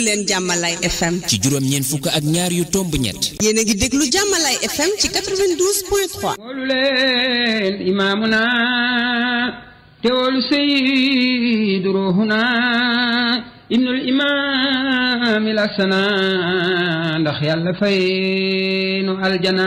déglu leen jàmmalay FM. ci juróom ñeent fukk ak ñaar yu tomb ñett. yéen a ngi déglu jàmmalay FM ci 92 leen imaamuna te wóolu sayyidu ruuxuna ibnul imaam il asana ndax yàlla fay nu aljana.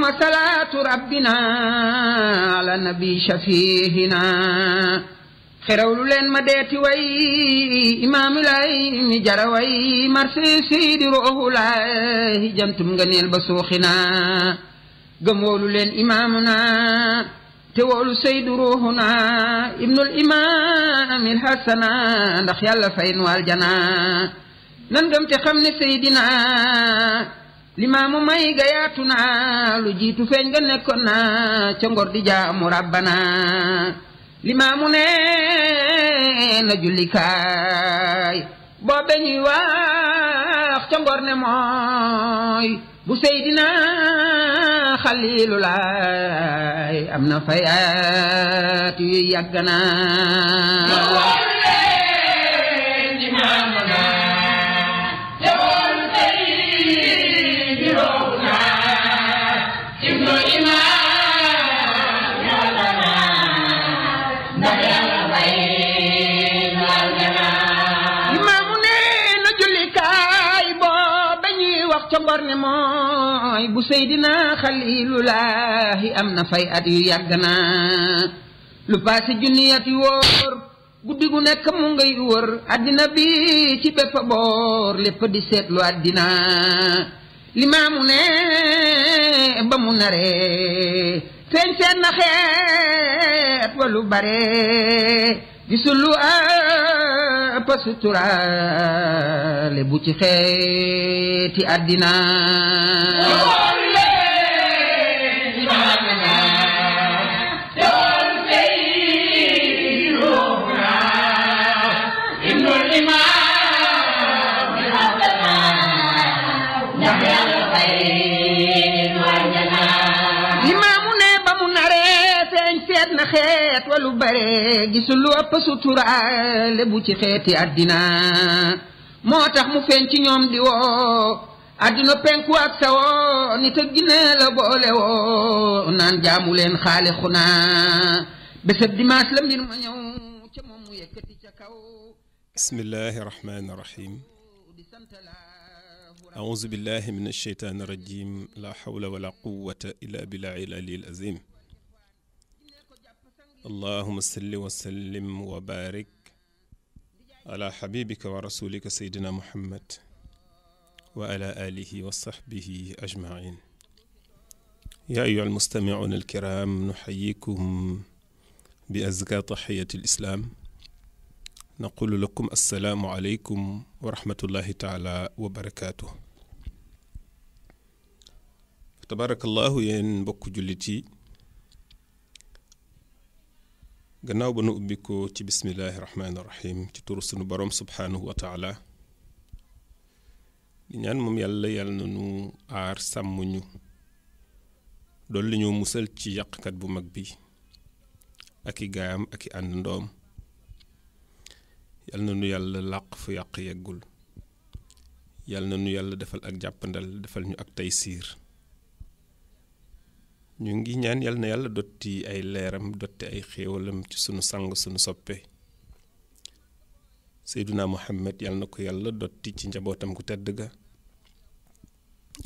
اللهم صلاة ربنا على النبي شفيهنا خيرو لولين مديتي وي امام لاي نجر وي مرسي سيدي روح لاي جنتم غنيل بسوخنا غمو لولين امامنا تول سيد روحنا ابن الامام الحسن نخيال فين والجنا ننغم تخمني سيدنا limaamu may ga naa lu jiitu feeñ nga nekkoon naa ca ngor di jaamu rabbana limaamu nee na jullikaay boobe ñuy wax ca ngor ne mooy bu seydina xaliilu laay am na fayaat yu yàgg ne mooy bu Seydina Xaliilulaahi am na fay at yu yàgg naa lu paase junni yu wóor guddi gu nekk mu ngay wër addina bi ci bépp boor lépp di seetlu addina limaamu ne ba mu naree feeñ seen xeet wa lu bare gisul ap suturaale bu ci xeeti àddina lu bare gisul lu ëpp suturaale bu ci xéti adina motax mu fën ci ñom di wo àdduna penku ak sawo ni te gine la boole woo naan jaamu leen xaale xunaa bésab dimanche lam mbir ma ñëw ci mom mu yëkkati ca kaw bismillahi rahmaani rahim أعوذ بالله من الشيطان الرجيم لا حول ولا قوة إلا بالله العلي العظيم اللهم صل وسلم وبارك على حبيبك ورسولك سيدنا محمد وعلى آله وصحبه أجمعين يا أيها المستمعون الكرام نحييكم بأزكى تحية الإسلام نقول لكم السلام عليكم ورحمة الله تعالى وبركاته تبارك الله ين بوك جلتي gannaaw ba nu ubbi ko ci bismillahi rahmaani rahim ci turu sunu borom subhanahu wa taala di ñaan moom yàlla yàlla na nu aar sàmm ñu li ñoo musal ci yàqkat bu mag bi ak i gaayam ak i ànd ndoom yàlla na nu yàlla làq fu yàq yeggul yàlla na nu yàlla defal ak jàppandal defal ñu ak taysiir ñu ngi ñaan yal na yàlla dotti ay leeram dotti ay xéewalam ci sunu sang sunu soppe seyduna muhammad yal na ko yàlla dotti ci njabootam gu tedd ga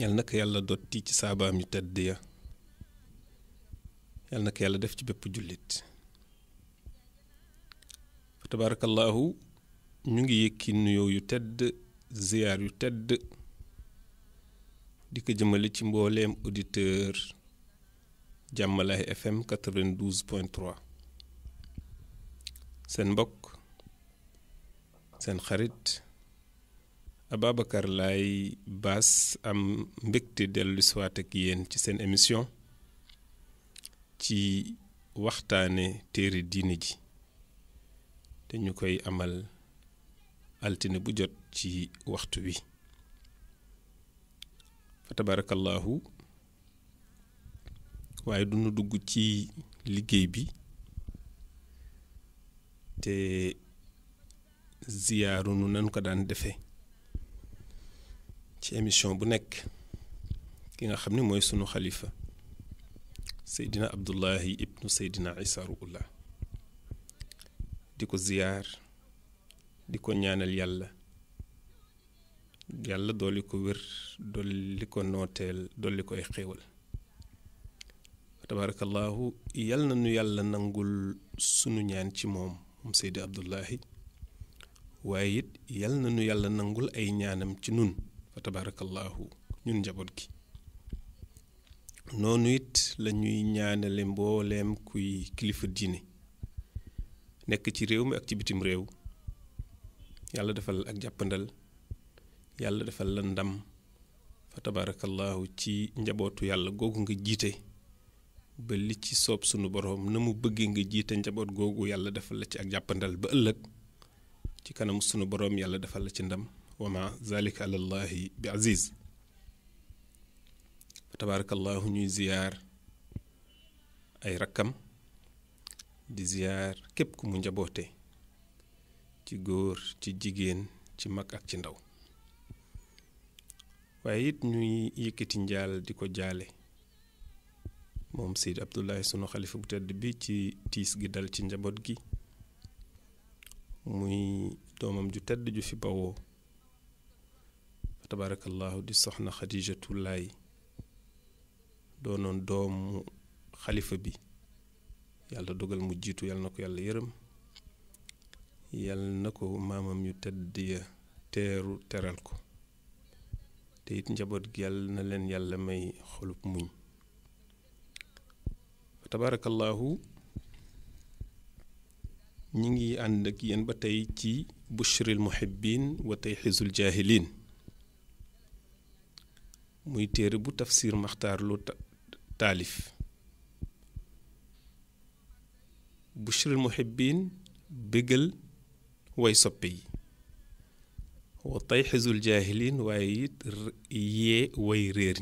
yal na ko yàlla dotti ci saabaam yu tedd ya yal na ko yàlla def ci bépp jullit fa tabaarakallaahu ñu ngi yëkki nuyoo yu tedd ziyaar yu tedd di ko jëmale ci mbooleem auditeur Jàmmalaay FM 92.3 seen mbokk seen xarit Ababacar lay Bass am mbégte dellu siwaat ak yéen ci seen émission ci waxtaane téere diine ji te ñu koy amal altine bu jot ci waxtu wi fa waaye duñu dugg ci liggéey bi te ziyaaru nu nan ko daan defee ci émission bu nekk ki nga xam ne mooy sunu xalifa seydina abdullahi ibnu seydina isa ruullah di ko ziyaar di ko ñaanal yàlla yàlla dolli ko wér dolli ko nooteel dolli koy xéewal tabaarakallaahu yal na nu yàlla nangul sunu ñaan ci moom moom Seydi Abdullahi waaye it yal na nu yàlla nangul ay ñaanam ci nun fa tabaarakallaahu ñun njaboot gi noonu it la ñuy ñaanale mbooleem kuy kilifa diine nekk ci réew mi ak ci bitim réew yàlla defal ak jàppandal yàlla defal la ndam fa tabaarakallaahu ci njabootu yàlla googu nga jiite ba li ci soob sunu borom na mu bëggee nga jiite njaboot googu yàlla defal la ci ak jàppandal ba ëllëg ci kanam sunu boroom yàlla defal la ci ndam wa ma zalika alallahi bi aziz ay rakkam di ziyaar képp ku mu njaboote ci góor ci jigéen ci mag ci ndaw waaye it ñuy yëkkati njaal di ko jaale moom Seydi Abdoulaye sunu xalifa bu tedd bi ci tiis gi dal ci njaboot gi muy doomam ju tedd ju fi bawoo fa tabarakallahu di soxna Xadijatu Laay doonoon doomu xalifa bi yàlla dogal mu jiitu yàlla na ko yàlla yërëm yàlla na ko maamam yu tedd ya teeru teral ko te it njaboot gi yàlla na leen yàlla may xolub muñ تبارك الله نيجي عندك ينبتي تي بشر المحبين وتيحز الجاهلين موي تيربو تفسير مختار لو تاليف بشر المحبين بجل واي صبي وتيحز الجاهلين واي يي واي رير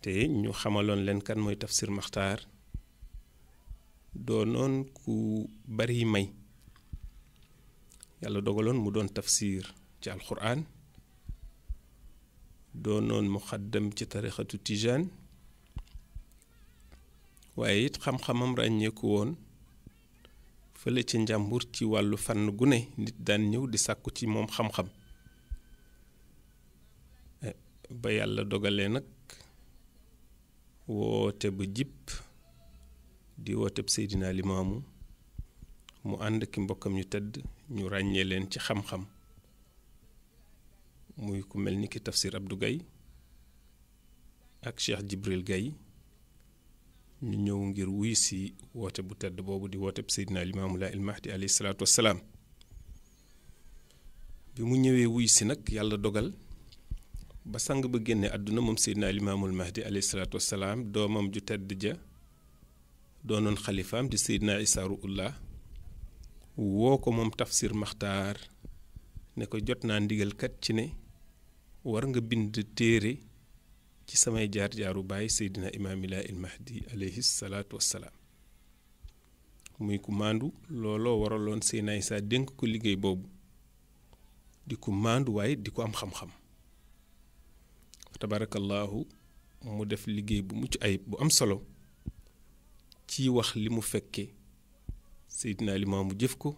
te ñu xamaloon leen kan mooy tafsir maxtaar doonoon ku bari may yàlla dogaloon mu doon tafsiir ci alxuraan doonoon muxaddam ci tarixatu tijaan waaye it xam-xamam ràññeeku woon fële ci njàmbur ci wàllu fànn gune ne nit daan ñëw di sàkku ci moom xam-xam eh, ba yàlla dogalee nag woote ba jip di woote bu Seydina Limaamu mu ànd ki mbokkam ñu tëdd ñu ràññee leen ci xam-xam muy ku mel ni ki tafsir Abdou Gaye ak Cheikh Jibril gay ñu ñëw ngir wuy si woote bu tedd boobu di woote bu Seydina Limaamu Laay il Mahdi salaatu wassalaam bi mu ñëwee wuy si nag yàlla dogal ba sang ba génne àdduna moom seydina al mahdi alayhi salaatu wasalaam doomam ju tedd ja doonoon xalifaam di seydina isa ruullah woo ko moom tafsir maxtaar ne ko jot naa kat ci ne war nga bind téere ci samay jaar jaaru baay seydina imaamilaa il mahdi alayhi salaatu wasalaam muy ku mandu looloo waraloon seydina isa dénk ko liggéey boobu di ku mandu waaye di ko am xam-xam tabaarakallaahu mu def liggéey bu mucc ayib bu am solo ci wax li mu fekkee Seydina mu jëf ko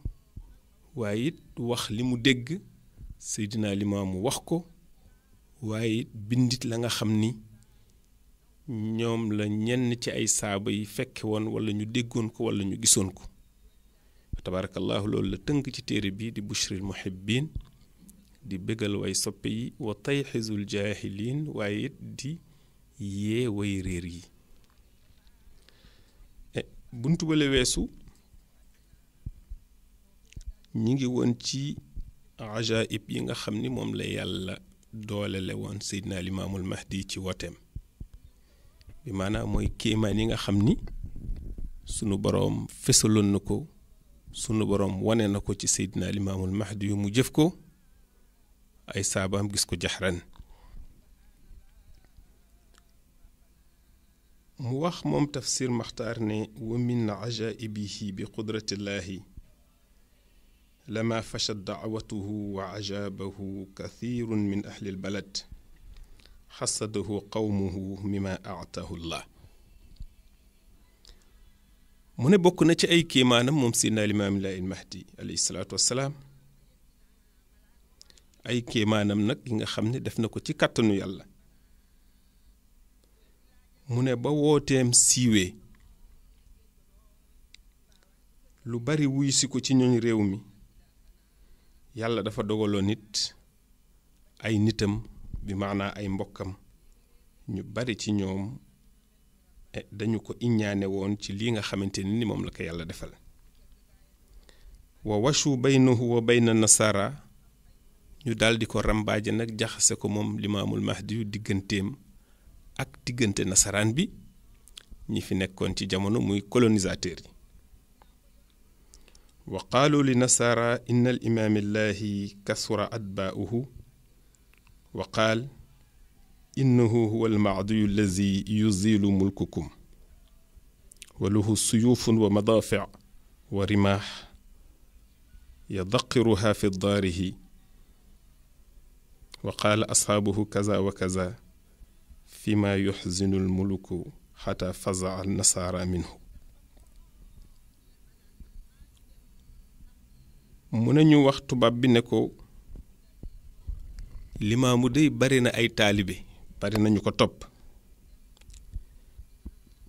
waaye it wax li mu dégg Seydina mu wax ko waaye it bindit la nga xam ni ñoom la ñenn ci ay saaba yi fekke woon wala ñu déggoon ko walla ñu gisoon ko tabaarakallaahu loolu la tënk ci téere bi di Bushril Muhibbin di bégal way soppe yi wa tayxizul jaahiliin waaye it di yee way réer yi e, buntu bale weesu ñi ngi woon ci ajaib yi nga xam ni moom la yàlla doolele woon Seydina Limaamul Mahdi ci woteem bi maanaam mooy kéemaan yi nga xam ni sunu boroom fesaloon ko sunu boroom wane na ko ci Seydina Limaamul Mahdi yu mu jëf ko ay saabu am gis ko jax ren mu wax moom tafsir maxtaar ne لما فشت دعوته وعجابه كثير من أهل البلد حسده قومه مما أعطاه الله من بوك نتي أي كيمانا ممسينا الإمام المهدي عليه الصلاة والسلام ay kéemaanam nag yi nga xam ne def na ko ci kàttanu yàlla mu ne ba wooteem siiwee lu bari wuy si ko ci ñooñu réew mi yàlla dafa dogaloo nit ay nitam bi maanaa ay mbokkam ñu bari ci ñoom e, dañu ko iññaane woon ci lii nga xamante ni moom la ko yàlla defal wa washu baynahu wa bayna nasara ñu dal di ko rambaaje nag jaxase ko moom limaamul mahdi yu digganteem ak diggante nasaraan bi ñi fi nekkoon ci jamono muy colonisateur yi wa qaalu li nasara inna al imam illahi kasura atbaa'uhu wa qaal innahu huwa al almacdiyu allazi yuzilu mulkukum wa lahu suyufun wa madafi' wa rimah yadaqiruha fi daarihi وقال أصحابه كذا وكذا فيما يحزن الملك حتى فزع النصارى منه mu ne ñu wax tubaab bi ne ko limaamu dey bari na ay taalibe bari nañu ko topp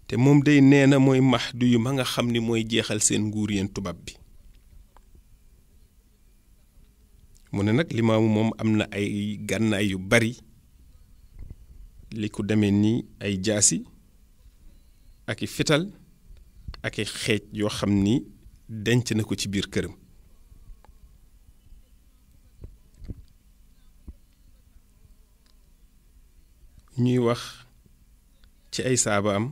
te moom day nee na mooy max du yu ma nga xam ni mooy jeexal seen nguur yéen tubaab bi mu ne nag limaamu moom am na ay gànnaay yu bari li ko demee ni ay jaasi ak i fital ak i xeej yoo xam ni denc na ko ci biir këram ñuy wax ci ay saabaam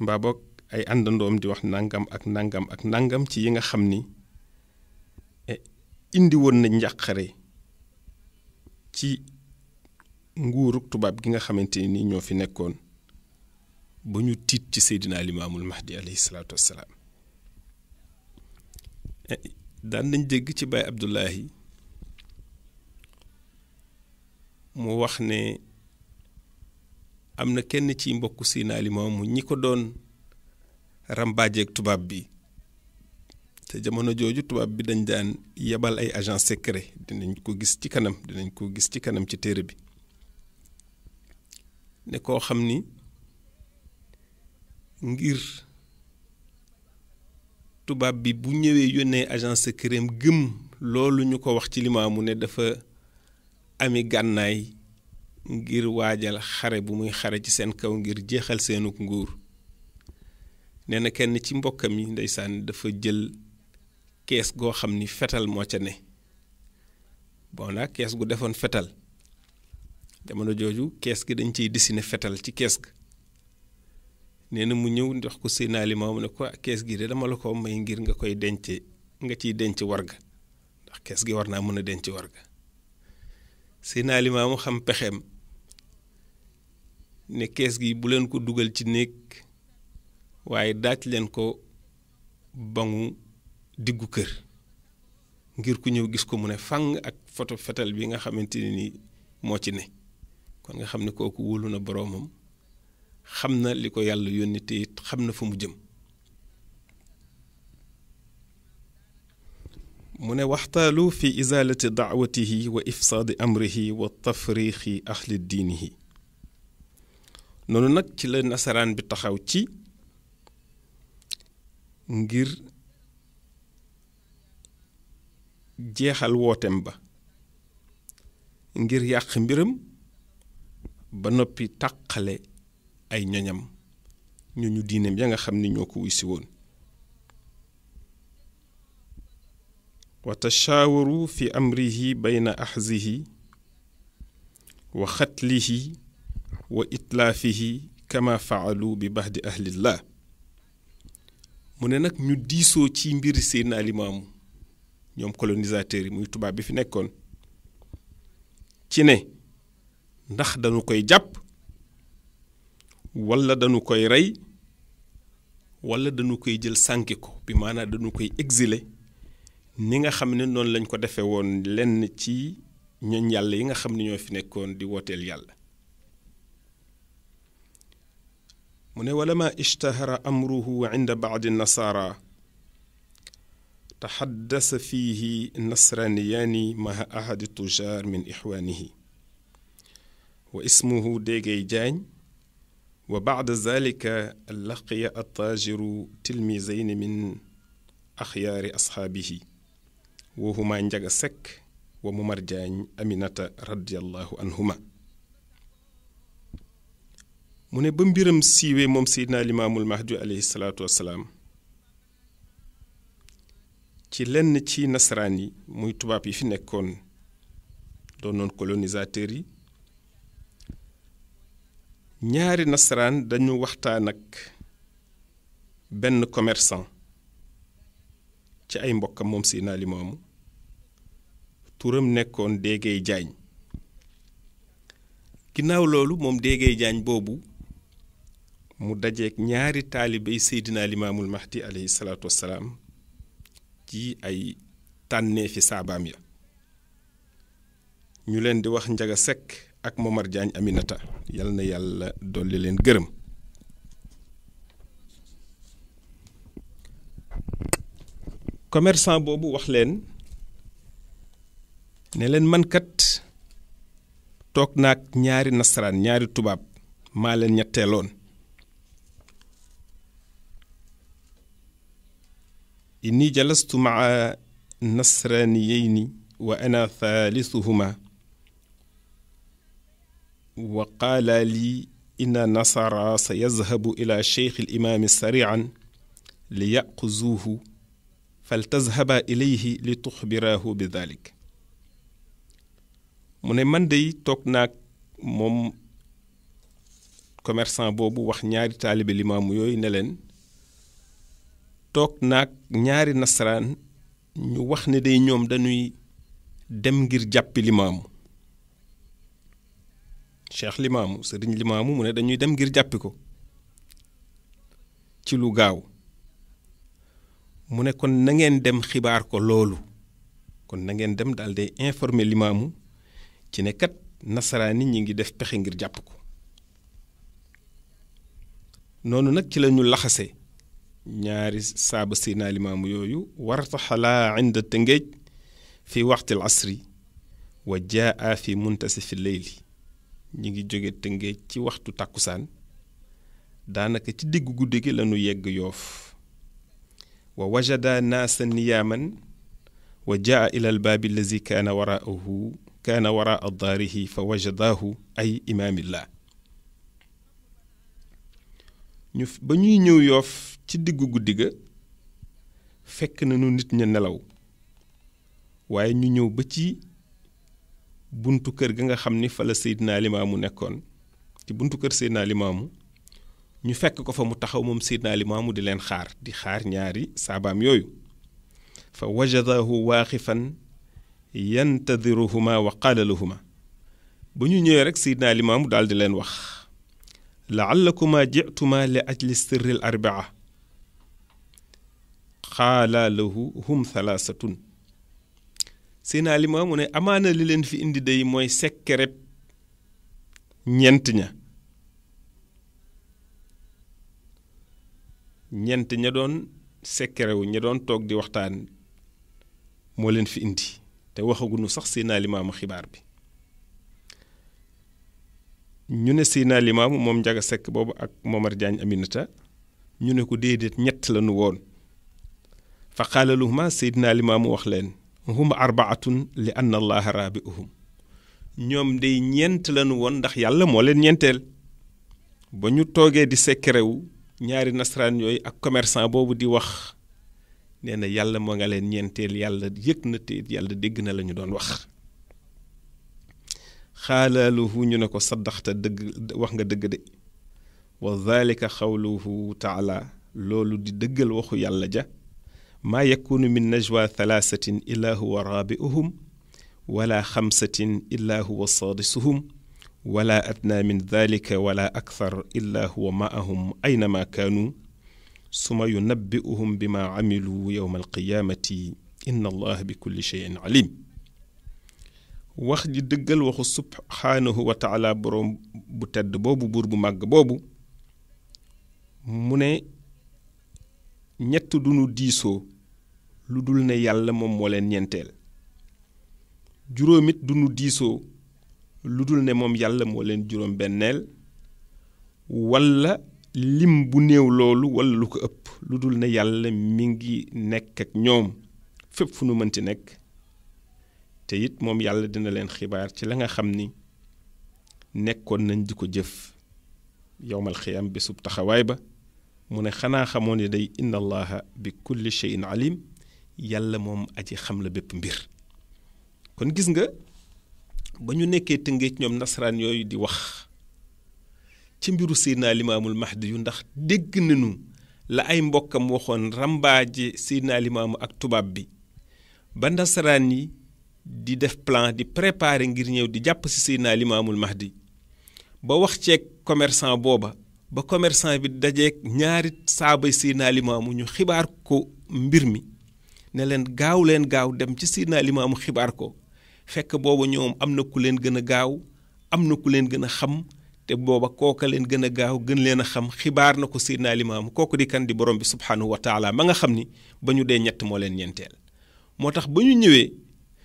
mbaa ay àndandoom di wax nangam ak nangam ak nangam ci yi nga xam ni indi woon na njàqare ci nguurug tubaab gi nga xamante ni ñoo fi nekkoon ba ñu tiit ci Seydina Limaamul Mahdi alayhi salaatu wassalaam eh, daan nañ dégg ci Baay Abdullahi mu wax ne am na kenn ci mbokku Seydina Limaamu ñi ko doon rambaajeeg tubaab bi te jamono jooju tubaab bi dañ daan yebal ay agent secret dinañ ko gis ci kanam dinañ ko gis ci kanam ci téere bi ne koo xam ni ngir tubaab bi bu ñëwee yónnee agent secret am gëm loolu ñu ko wax ci limaamu ne dafa ami gànnaay ngir waajal xare bu muy xare ci seen kaw ngir jeexal seenuk nguur nee na kenn ci mbokkam yi ndeysaan dafa jël kees goo xam ni fetal moo ca ne bon kees gu defoon fetal jamono jooju kees gi dañ ciy dessiné fetal ci kees ga nee na mu ñëw ndox ko seen aliment mu ne ko ah, kees gi de dama la ko may ngir nga koy denc nga ciy denc warga ndax kees gi war naa mën a denc warga seen aliment mu xam pexeem ne kees gi bu leen ko dugal ci néeg waaye daaj leen ko bangu diggu kër ngir ku ñëw gis ko mu ne fànn ak photo fetal bi nga xamante ne nii moo ci ne kon nga xam ne kooku wóolu na boroomam xam na li ko yàlla yónni te xam na fa mu jëm mu ne waxtaalu fi izalati daawatihi wa ifsaadi amrihi wa tafriixi ahli diinihi noonu nag ci la nasaraan bi taxaw ci ngir jeexal wootem ba ngir yàq mbiram ba noppi tàqale ay ñoñam ñooñu diineem ya nga xam ni ñoo ko woon wa fi amrihi bayna axzihi wa xatlihi wa itlaafihi kama faalu bi baxdi ahlillah mu ne nag ñu diisoo ci mbiri seen Limaamu ñoom colonisateur yi muy tubaab bi fi nekkoon ci ne ndax dañu koy jàpp wala dañu koy rey wala dañu koy jël sànki ko bi maanaam dañu koy exiler ni nga xam ne noonu lañ ko defee woon lenn ci ñoñ yàlla yi nga xam ne ñoo fi nekkoon di wooteel yàlla mu ne wala ma ishtahara amruhu inda baadi nasara تحدث فيه النصرانيان مع أحد التجار من إخوانه واسمه ديجيجان وبعد ذلك لقي التاجر تلميذين من أخيار أصحابه وهما سك وممرجان أمينة رضي الله عنهما من بمبرم سيوي mbiram سيدنا الإمام المهدي عليه الصلاة والسلام ci lenn ci nasaraan yi muy tubaab yi fi nekkoon doonoon colonisateur yi ñaari nasaraan dañu waxtaan ak benn commerçant ci ay mbokkam moom Seydina Limaamu turam nekkoon déggee jaañ ginnaaw loolu moom déggee jaañ boobu mu dajeek ñaari taalibey Seydina Limaamul Mahdi aleyhi salaatu wassalaam yi ay tànnee saabaam ya ñu leen di wax Njaga Sekk ak Momar Diagne Aminata yal na yàlla dolli leen gërëm commerçant boobu wax leen ne leen mankat toog naag ñaari nasaraan ñaari tubaab maa leen ñetteeloon إني جلست مع نصرانيين وأنا ثالثهما وقال لي إن نصر سيذهب إلى شيخ الإمام سريعا ليأخذوه فلتذهب إليه لتخبراه بذلك من من دي day toog كوميرسان بوبو commerçant boobu wax ñaari taalibe limaamu toog naag ñaari nasaraan ñu wax ne day ñoom dañuy dem ngir jàppi limaamu cheikh limaamu sëriñ limaamu mu ne dañuy dem ngir jàppi ko ci lu gaaw mu ne kon na ngeen dem xibaar ko loolu kon na ngeen dem daal day informer limaamu ci ne kat nasaraan yi ñu ngi def pexe ngir jàpp ko noonu nag ci lañu laxase ñaari saaba Seydina Limaamu yooyu wartaxalaa inda Tëngéej fi waxtil asri wa jaa fi muntasifi leyli ñi ngi jóge Tëngéej ci waxtu tàkkusaan daanaka ci diggu guddi gi lañu yegg yoof wa wajada naasa niyaaman wa jaa ila albaabi allazi kaana waraahu kaana waraa daarihi fa wajadaahu ay imaamillah ñu ba ñuy ñëw yoof ci diggu guddi ga fekk nañu nit ña nelaw waaye ñu ñëw ba ci buntu kër ga nga xam ni fa la Seydina Limaamu nekkoon ci buntu kër Seydina Limaamu ñu fekk ko fa mu taxaw moom Seydina Limaamu di leen xaar di xaar ñaari saabaam yooyu fa wajadahu waaqifan yantadiruhuma wa qaala lahuma ba ñu ñëwee rek Seydina Limaamu daal di leen wax لعلكما جئتما لأجل السر الأربعة قال له هم ثلاثة سينا الإمام أمانة للين في إندي دي موي سكرب نينتنا نينتنا دون سكرب نيدون توك دي وقتان مولين في إندي تا واخو نو سخ سينا الإمام خبار بي ñu ne Seydina Limaamu moom Njaga Sekk boobu ak Momar Diagne Aminata ñu ne ko déedéet ñett la woon fa qaala lahuma Seydina Limaamu wax leen hum arbaatun li anna allaha raabiuhum ñoom day ñeent lanu nu woon ndax yàlla moo leen ñeenteel ba ñu toogee di sekkerewu ñaari nasaraan yooyu ak commerçant boobu di wax nee na yàlla moo nga leen ñeenteel yàlla yëg na te yàlla dégg na la ñu doon wax خالله نكو صدقت دغ واخغا دغ دي وذلك قوله تعالى لولو دي دغل واخو يالا جا ما يكون من نجوى ثلاثه الا هو رابئهم ولا خمسه الا هو صادسهم ولا ادنى من ذلك ولا اكثر الا هو معهم اينما كانوا ثم ينبئهم بما عملوا يوم القيامه ان الله بكل شيء عليم wax ji dëggal waxu subhaanahu wa taala boroom bu tedd boobu buur bu màgg boobu mu ne ñett duñu diisoo lu dul ne yàlla moom moo leen ñeenteel juróomit duñu diisoo lu dul ne moom yàlla moo leen juróom walla lim bu néew loolu walla lu ko ëpp lu dul ne yàlla mi ngi nekk ak ñoom fépp fu nu mënti nekk te it moom yàlla dina leen xibaar ci la nga xam ni nekkoon nañ di ko jëf yowmal xiyaam bisub taxawaay ba mu ne xanaa xamoon ne day inna allaha bi kulli cheyin alim yàlla moom aji xam la bépp mbir kon gis nga ba ñu nekkee ci ñoom nasaraan yooyu di wax ci mbiru Seydina Limaamul Mahdi yu ndax dégg nañu la ay mbokkam waxoon rambaaji Seydina Limaamu ak tubaab bi ba nasaraan yi di def plan di préparer ngir ñëw di jàpp si Seydina Limaamul di ba wax ceeg commerçant booba ba commerçant bi dajeeg ñaari saabay Seydina Limaamu ñu xibaar ko mbir mi ne leen gaaw leen gaaw dem ci Seydina Limaamu xibaar ko fekk booba ñoom am na ku leen gën a gaaw am na ku leen gën a xam te booba kooka leen gën a gaaw gën leen a xam xibaar na ko Seydina Limaamu kooku di kan di borom bi subxanahu wa taala ma nga xam ni ba ñu dee ñett moo leen ñeenteel moo tax ba ñëwee.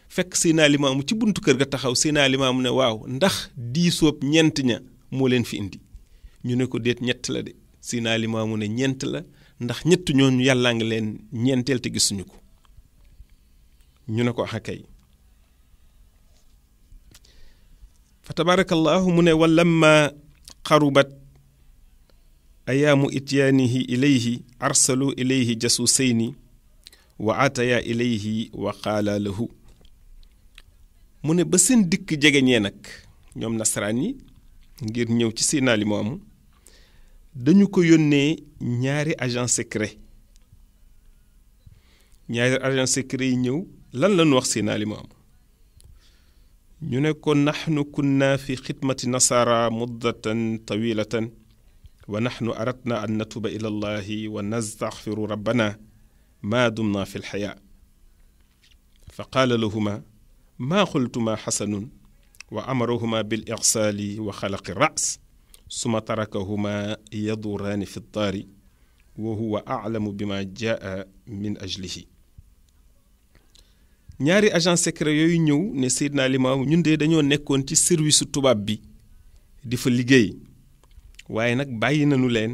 fekk Seydina Limaamu ci buntu kër ga taxaw Seydina Limaamu ne waaw ndax diisoob ñeent ña moo leen fi indi ñu ne ko déet ñett la de Seydina Limaamu ne ñeent la ndax ñett ñooñu yàllaa ngi leen ñeenteel te gisuñu ko ñu ne ko ax akay fa tabarakallahu mu ne wa xarubat ayaamu ityaanihi ilayhi arsalu ilayhi jasusayni wa ataya ilayhi wa qaala mu ne ba seen dikk jegeñee nag ñoom nasaraan yi ngir ñëw ci Seydina Limaamu dañu ko yónnee ñaari agent secret ñaari agent secret yi ñëw lan lañ wax Seydina Limaamu ñu ne ko naxnu kunna fi xidmati nasara muddatan tawilatan wa naxnu aratna an natuba ila allahi wa nastaxfiru rabbana ma dumna fi lxayaa fa qaala lahuma ما قلتما حسن وأمرهما بالإغسال وخلق الرأس ثم تركهما يدوران في الدار وهو أعلم بما جاء من أجله ñaari agent secret yooyu ñëw ne Seydina Limaamu ñun de dañoo nekkoon ci service tubaab bi di fa liggéey waaye nag bàyyi nañu leen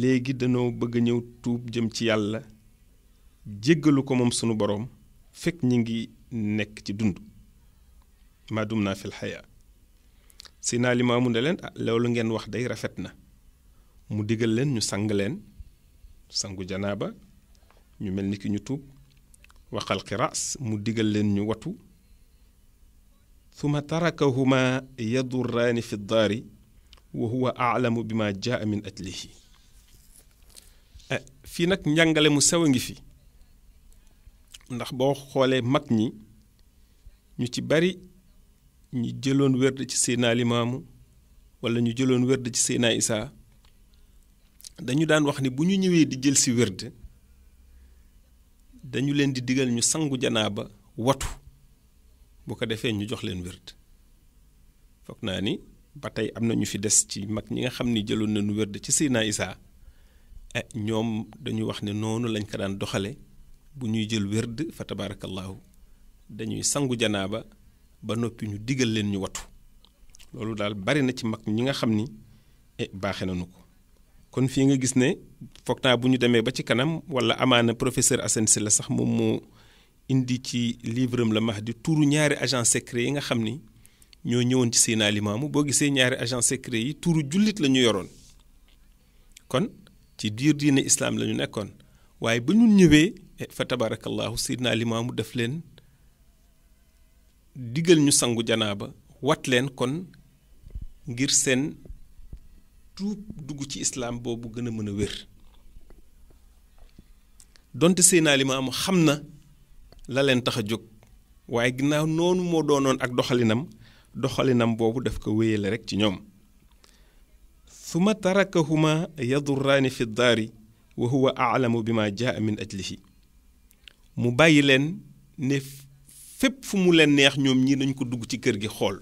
léegi dañoo bëgg a ñëw tuub jëm ci yàlla jéggalu ko moom sunu boroom fekk ñi ngi nekk ci dund ma dum naa fil xayaa si naa limaamu ne leen ah loolu ngeen wax day rafet na mu digal leen ñu sang leen sangu janaaba ñu mel ni ki ñu tuub waxal xiraas mu digal leen ñu watu suma tarakahuma yadurraani fi daari wa huwa aalamu bi ma jaa min ajlihi fii nag njàngale mu fi ndax boo xoolee mag ñi ñu ci bari ñu jëloon werd ci Seydina wala ñu jëloon werd ci Seydina Isaa dañu daan wax ni bu ñu ñëwee di jël si werd dañu leen di digal ñu sangu janaa ba watu bu ko defee ñu jox leen werd foog naa ni ba tey am na ñu fi des ci mag ñi nga xam ni jëloon nañu werd ci Seydina Isaa eh, ñoom dañu wax ne noonu lañ ko daan doxale bu ñuy jël wérd fa tabaarakallaahu dañuy sangu janaa ba ba noppi ñu digal leen ñu watu loolu daal bari na ci mag ñi nga xam ni eh, baaxe nañu ko kon fii nga gis ne foog naa bu ñu demee ba ci kanam wala amaana professeur Assane la sax moom moo indi ci livre la max di tuuru ñaari agent secret yi nga xam ni ñoo ñëwoon ci Seydina Limaamu boo gisee ñaari agent secret yi tuuru jullit la ñu yoroon kon ci diir diine islaam lañu nekkoon waaye ba ñu ñëwee fa tabarakallahu sidna limaamu def leen digal ñu sangu janaaba wat leen kon ngir seen tuub dugg ci islaam boobu gën a mën a wér donte seydina limaamu xam na la leen tax a jóg waaye ginnaaw noonu moo doonoon ak doxalinam doxalinam boobu daf ko wéyale rek ci ñoom suma tarakahuma yadurraani fi daari wa huwa aalamu bi ma jaa min ajlihi mu bàyyi leen ne fépp fu mu leen neex ñoom ñi nañ ko dugg ci kër gi xool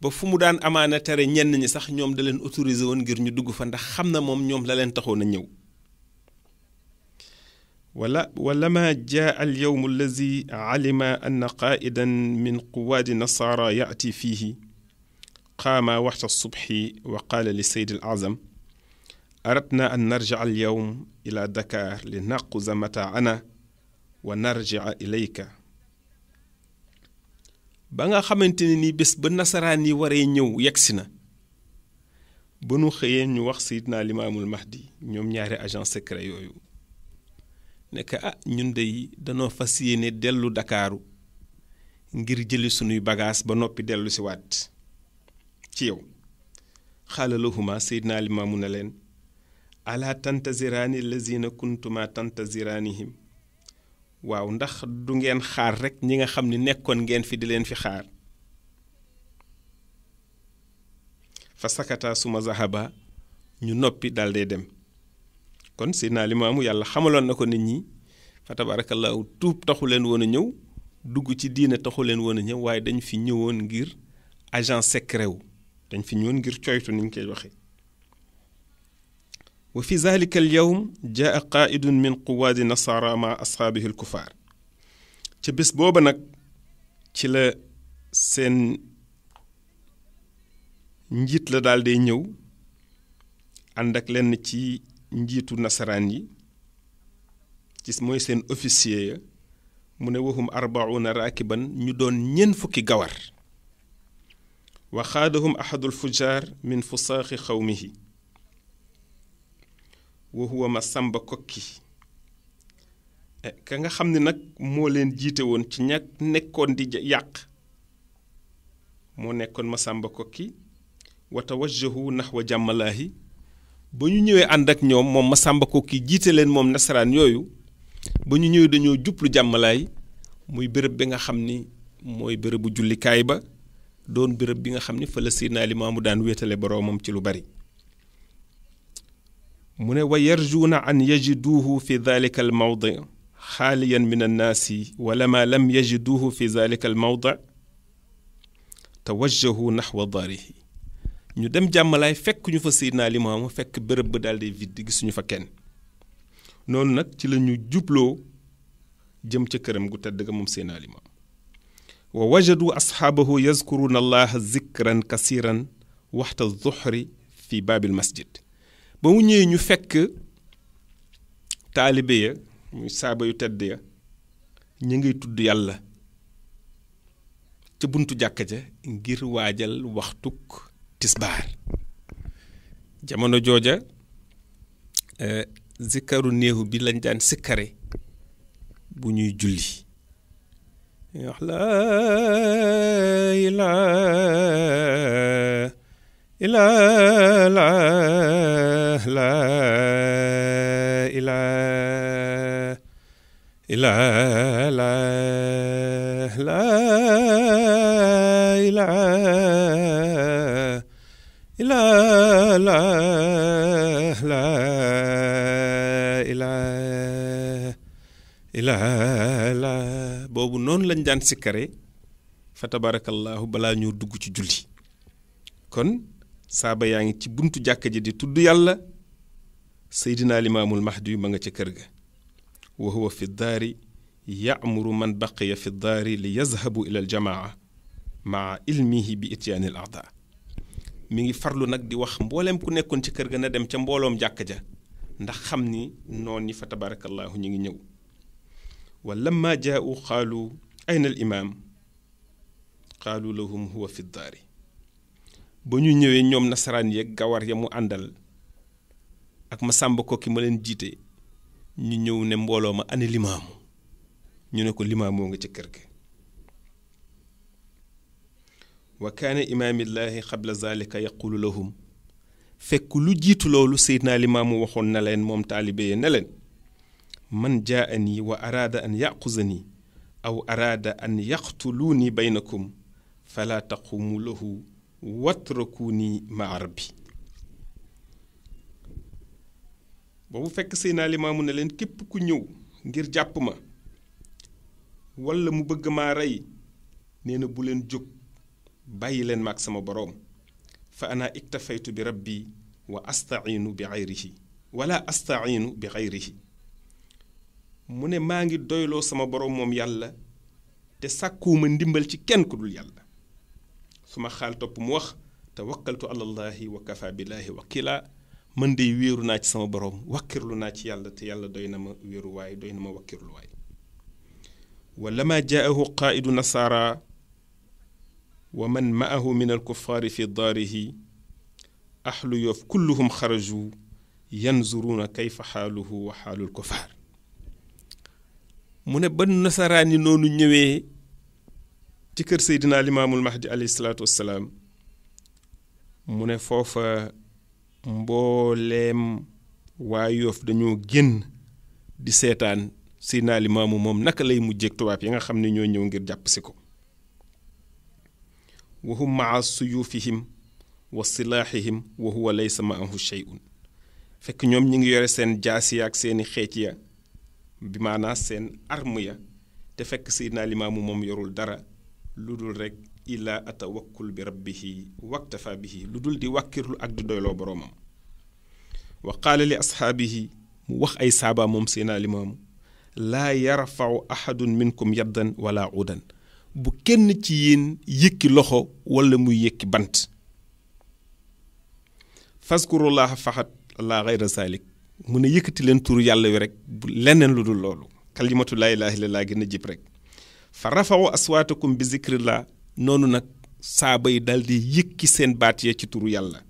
ba fu mu daan amaana tere ñenn ñi sax ñoom da leen autorisé woon ngir ñu dugg fa ndax xam na moom ñoom la leen taxoon a ñëw wala walama jaa al yowm allazi alima anna qaidan min quwaadi nasaara yaati fiihi qaama waxta subxi wa qaala li sayd al azam aradna an narja al yowm ila dakar li naquza mataana wa narjia ilayka ba nga xamante ne ni bés ba nasaraan yi waree ñëw yegsi na ba nu xëyee ñu wax Seydina Limaamul Mahdi ñoom ñaari agent secret yooyu nekk ah ñun dey danoo fas yéene dellu dakaaru ngir jëli sunuy bagaas ba noppi dellu si waat ci yow xaalalahuma na limamu ne leen ala tantaziraani lazina kuntuma tantaziraanihim waaw ndax du ngeen xaar rekk ñi nga xam ni nekkoon ngeen fi di leen fi xaar fa sakata suma zahaba ñu noppi daldi dem kon Seydina Limaamu yàlla xamaloon na ko nit ñi fa tabaarakallaahu tuub taxu leen woon a ñëw dugg ci diine taxu leen woon a ñëw waaye dañu fi ñëwoon ngir agent secret wu dañ fi ñëwoon ngir coytu ni ñu koy waxee وفي ذلك اليوم جاء قائد من قواد النصارى مع أصحابه الكفار بوبا نك تلا سن نجيت لدال دي نيو عندك لن تي نجيت النصراني تس موي سن أوفيسيي منوهم أربعون راكبا نيدون ننفك غوار وخادهم أحد الفجار من فساخ قومه waxuwa ma sàmba kokki eh, ka nga xam ne nag moo leen jiite woon ci ña nekkoon di yàq moo nekkoon ma sàmba kokki wa tawajjahu nahwa jàmmalaahi ba ñu ñëwee ànd ak ñoom moom ma sàmba kokki jiite leen moom nasaraan yooyu ba ñu ñëwee dañoo jublu jàmmalaay muy bërëb bi nga xam ni mooy bërëbu jullikaay ba doon bërëb bi nga xam ni naa li Seydina mu daan wéetale boroomam ci lu bari mu ne wa yarjuuna an yajiduuhu fi dalika al mawdi xaaliyan min annaasi wala ma lam yajiduuhu fi dalika al mawdi tawajjahu naxwa daarihi ñu dem jàmmalaay fekk ñu fa Seydina Limaamu fekk bërëb ba daal di vide gisuñu fa kenn noonu nag ci la ñu jubloo jëm ca këram gu tedd ga moom Seydina Limaamu wa wajadu asxaabahu yazkuruna allaha zikran kasiran waxta zuxri fi baabil masjid ba mu ñëwee ñu fekk taalibe ya muy saaba yu tedd ya ñu ngay tudd yàlla ca buntu jàkka ja ngir waajal waxtuk tisbaar jamono jooja e, zikkaru néew bi lañ daan sikkare bu ñuy julli wax laa ilaa لا لا لا إله إلا لا لا إله إلا لا لا إله boobu noonu lañ daan sikkare fa tabarakallahu balaa ñoo dugg ci julli kon saaba yaa ngi ci buntu jàkka ji di tudd yàlla seydina limaamul mahdi ma nga ci kër ga wa huwa fi daari yamuru man baqiya fi daari li yazhabu ila aljamaa maa ilmihi bi ityaani al aada mi ngi farlu nag di wax mbooleem ku nekkoon ci kër ga na dem ca mbooloom jàkka ja ndax xam ni noon yi fa tabarakallahu ñu ngi ñëw wa lamma jaau qaalu ayna al imaam qaalu lahum huwa fi daari ba ñu ñëwee ñoom nasaraan yeeg gawar ya mu àndal ak ma sàmba ki ma leen jiite ñu ñëw ne mbooloo ma ane limaamu ñu ne ko limaamoo nga ci kër gi wa kaane imaamillaahi xabla zalika yaqulu lahum fekk lu jiitu loolu seydinaa limaamu waxoon na leen moom taalibe yi leen man jaa ani wa araada an yaquzani aw araada an yaqtuluuni baynakum fala taqumu lahu watrakuuni maa rabbi boobu fekk Seydina Limaamu ne leen képp ku ñëw ngir jàpp ma walla mu bëgg maa rey nee na bu leen jóg bàyyi leen maag sama boroom fa ana iktafaytu bi rabbi wa astainu bi xayrihi wala astainu bi xayrihi mu ne maa ngi doyloo sama boroom moom yàlla te sàkkuwuma ndimbal ci kenn ku dul yàlla suma xaal topp mu wax tawakkaltu alallahi wa kafa billahi wakila man de wéeru naa ci sama borom wakkirlu naa ci yàlla te yàlla doy na ma wéeruwaay doy na ma wakkirluwaay wala ma jaahu qaidu nasara wa man maahu min alkuffaari fi daarihi ahlu yoof kulluhum xaraju yanzuruuna kayfa xaaluhu wa xaalu alkuffaar mu ne ba nasaraan ci kër seydinaa Limaamul Mahdi alayhi salaatu wassalaam mu ne foofa mbooleem waa dañoo génn di seetaan Seydina Limaamu moom naka lay mujjeek tubaab yi nga xam ne ñoo ñëw ngir jàpp si ko wa hum maa suyuufihim wa silaaxihim wa huwa laysa maahu shay'un fekk ñoom ñi ngi yore seen jaas ya ak seeni xeec ya bi maanaa seen arme ya te fekk Seydina Limaamu moom yorul dara lu dul rek illa atawakkul bi rabbihi waktafa bihi lu di wàkkirlu ak di doyloo boroomam wa qaala li asxaabihi mu wax ay saaba moom seena limaamu laa yarfau ahadun minkum yaddan wala udan bu kenn ci yéen yëkki loxo wala muy yëkki bant faskurullaha faxat la gayra zalik mu ne yëkkati leen turu yàlla wi rek bu leneen lu dul kalimatu laa ilaha illallah gën a jib rek fa rafaw aswaatakum bi zikrillah noonu nag saaba yi daal di yëkki seen baat ya ci turu yàlla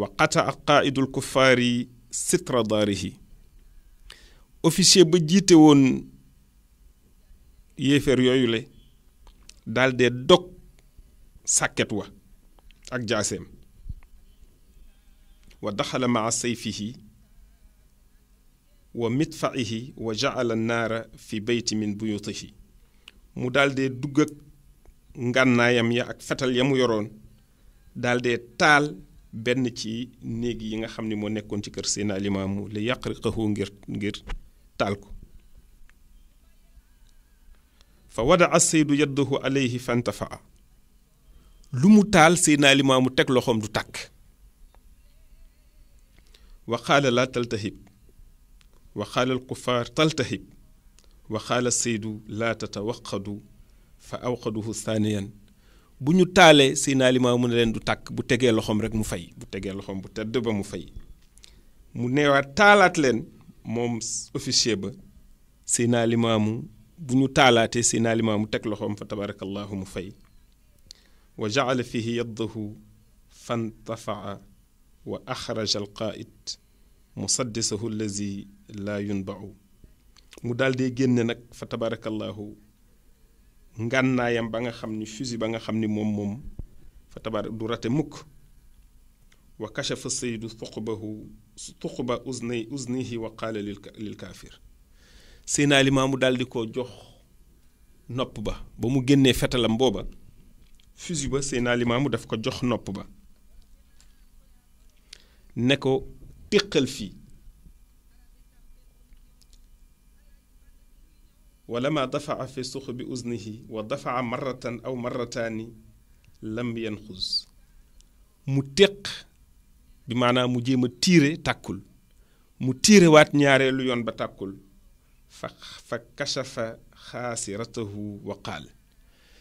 wa qataa qaidul kuffaari sitra daarihi officier ba jiite woon yéeféer yooyu le daal dee dog sàkket wa ak jaaseem wa daxala maa sayfihi wa midfaihi wa jaala annaara fi beyti min buyutihi mu daldee dugg ak ngànnaayam ya ak fetal ya mu yoroon daldee taal benn ci néeg yi nga xam ni moo nekkoon ci kër Seydina Limaamu li yaqriqahu ngir ngir taal ko fa wadaa saydu yaddahu alayhi fantafaa lu mu taal Seydina Limaamu teg loxoom du takk wa qaala laa taltahib wa qaala taltahib وقال السيد لا تتوقدوا فاوقدوه ثانيا بنيو تالي سينا لما من لندو تاك بو تغي لخم رك مفاي بو تغي لخم بو تد با مفاي مو نيوا تالات لن موم اوفيشيب سينا لما من بنيو تالاتي سينا لما تك لخم فتبارك الله مفاي وجعل فيه يده فانتفع وأخرج القائد مسدسه الذي لا ينبع mu daal dee génne nag fa tabarakallahu ngànnaayam ba nga xam ni fusil ba nga xam ni moom moom fa tabarak du rate mukk wa kashafa sayyidu ba tuqba uznay uznihi wa qaala lil kaafir Seydina Limaamu daal di ko jox nopp ba ba mu génnee fetalam booba fusil ba Seydina Limaamu daf ko jox nopp ba ne ko téqal fii ولما دفع في صخب أذنه ودفع مرة أو مرتان لم ينخز متق بمعنى مجيم تيري تاكل متيري وات نياري ليون بتاكل فكشف خاسرته وقال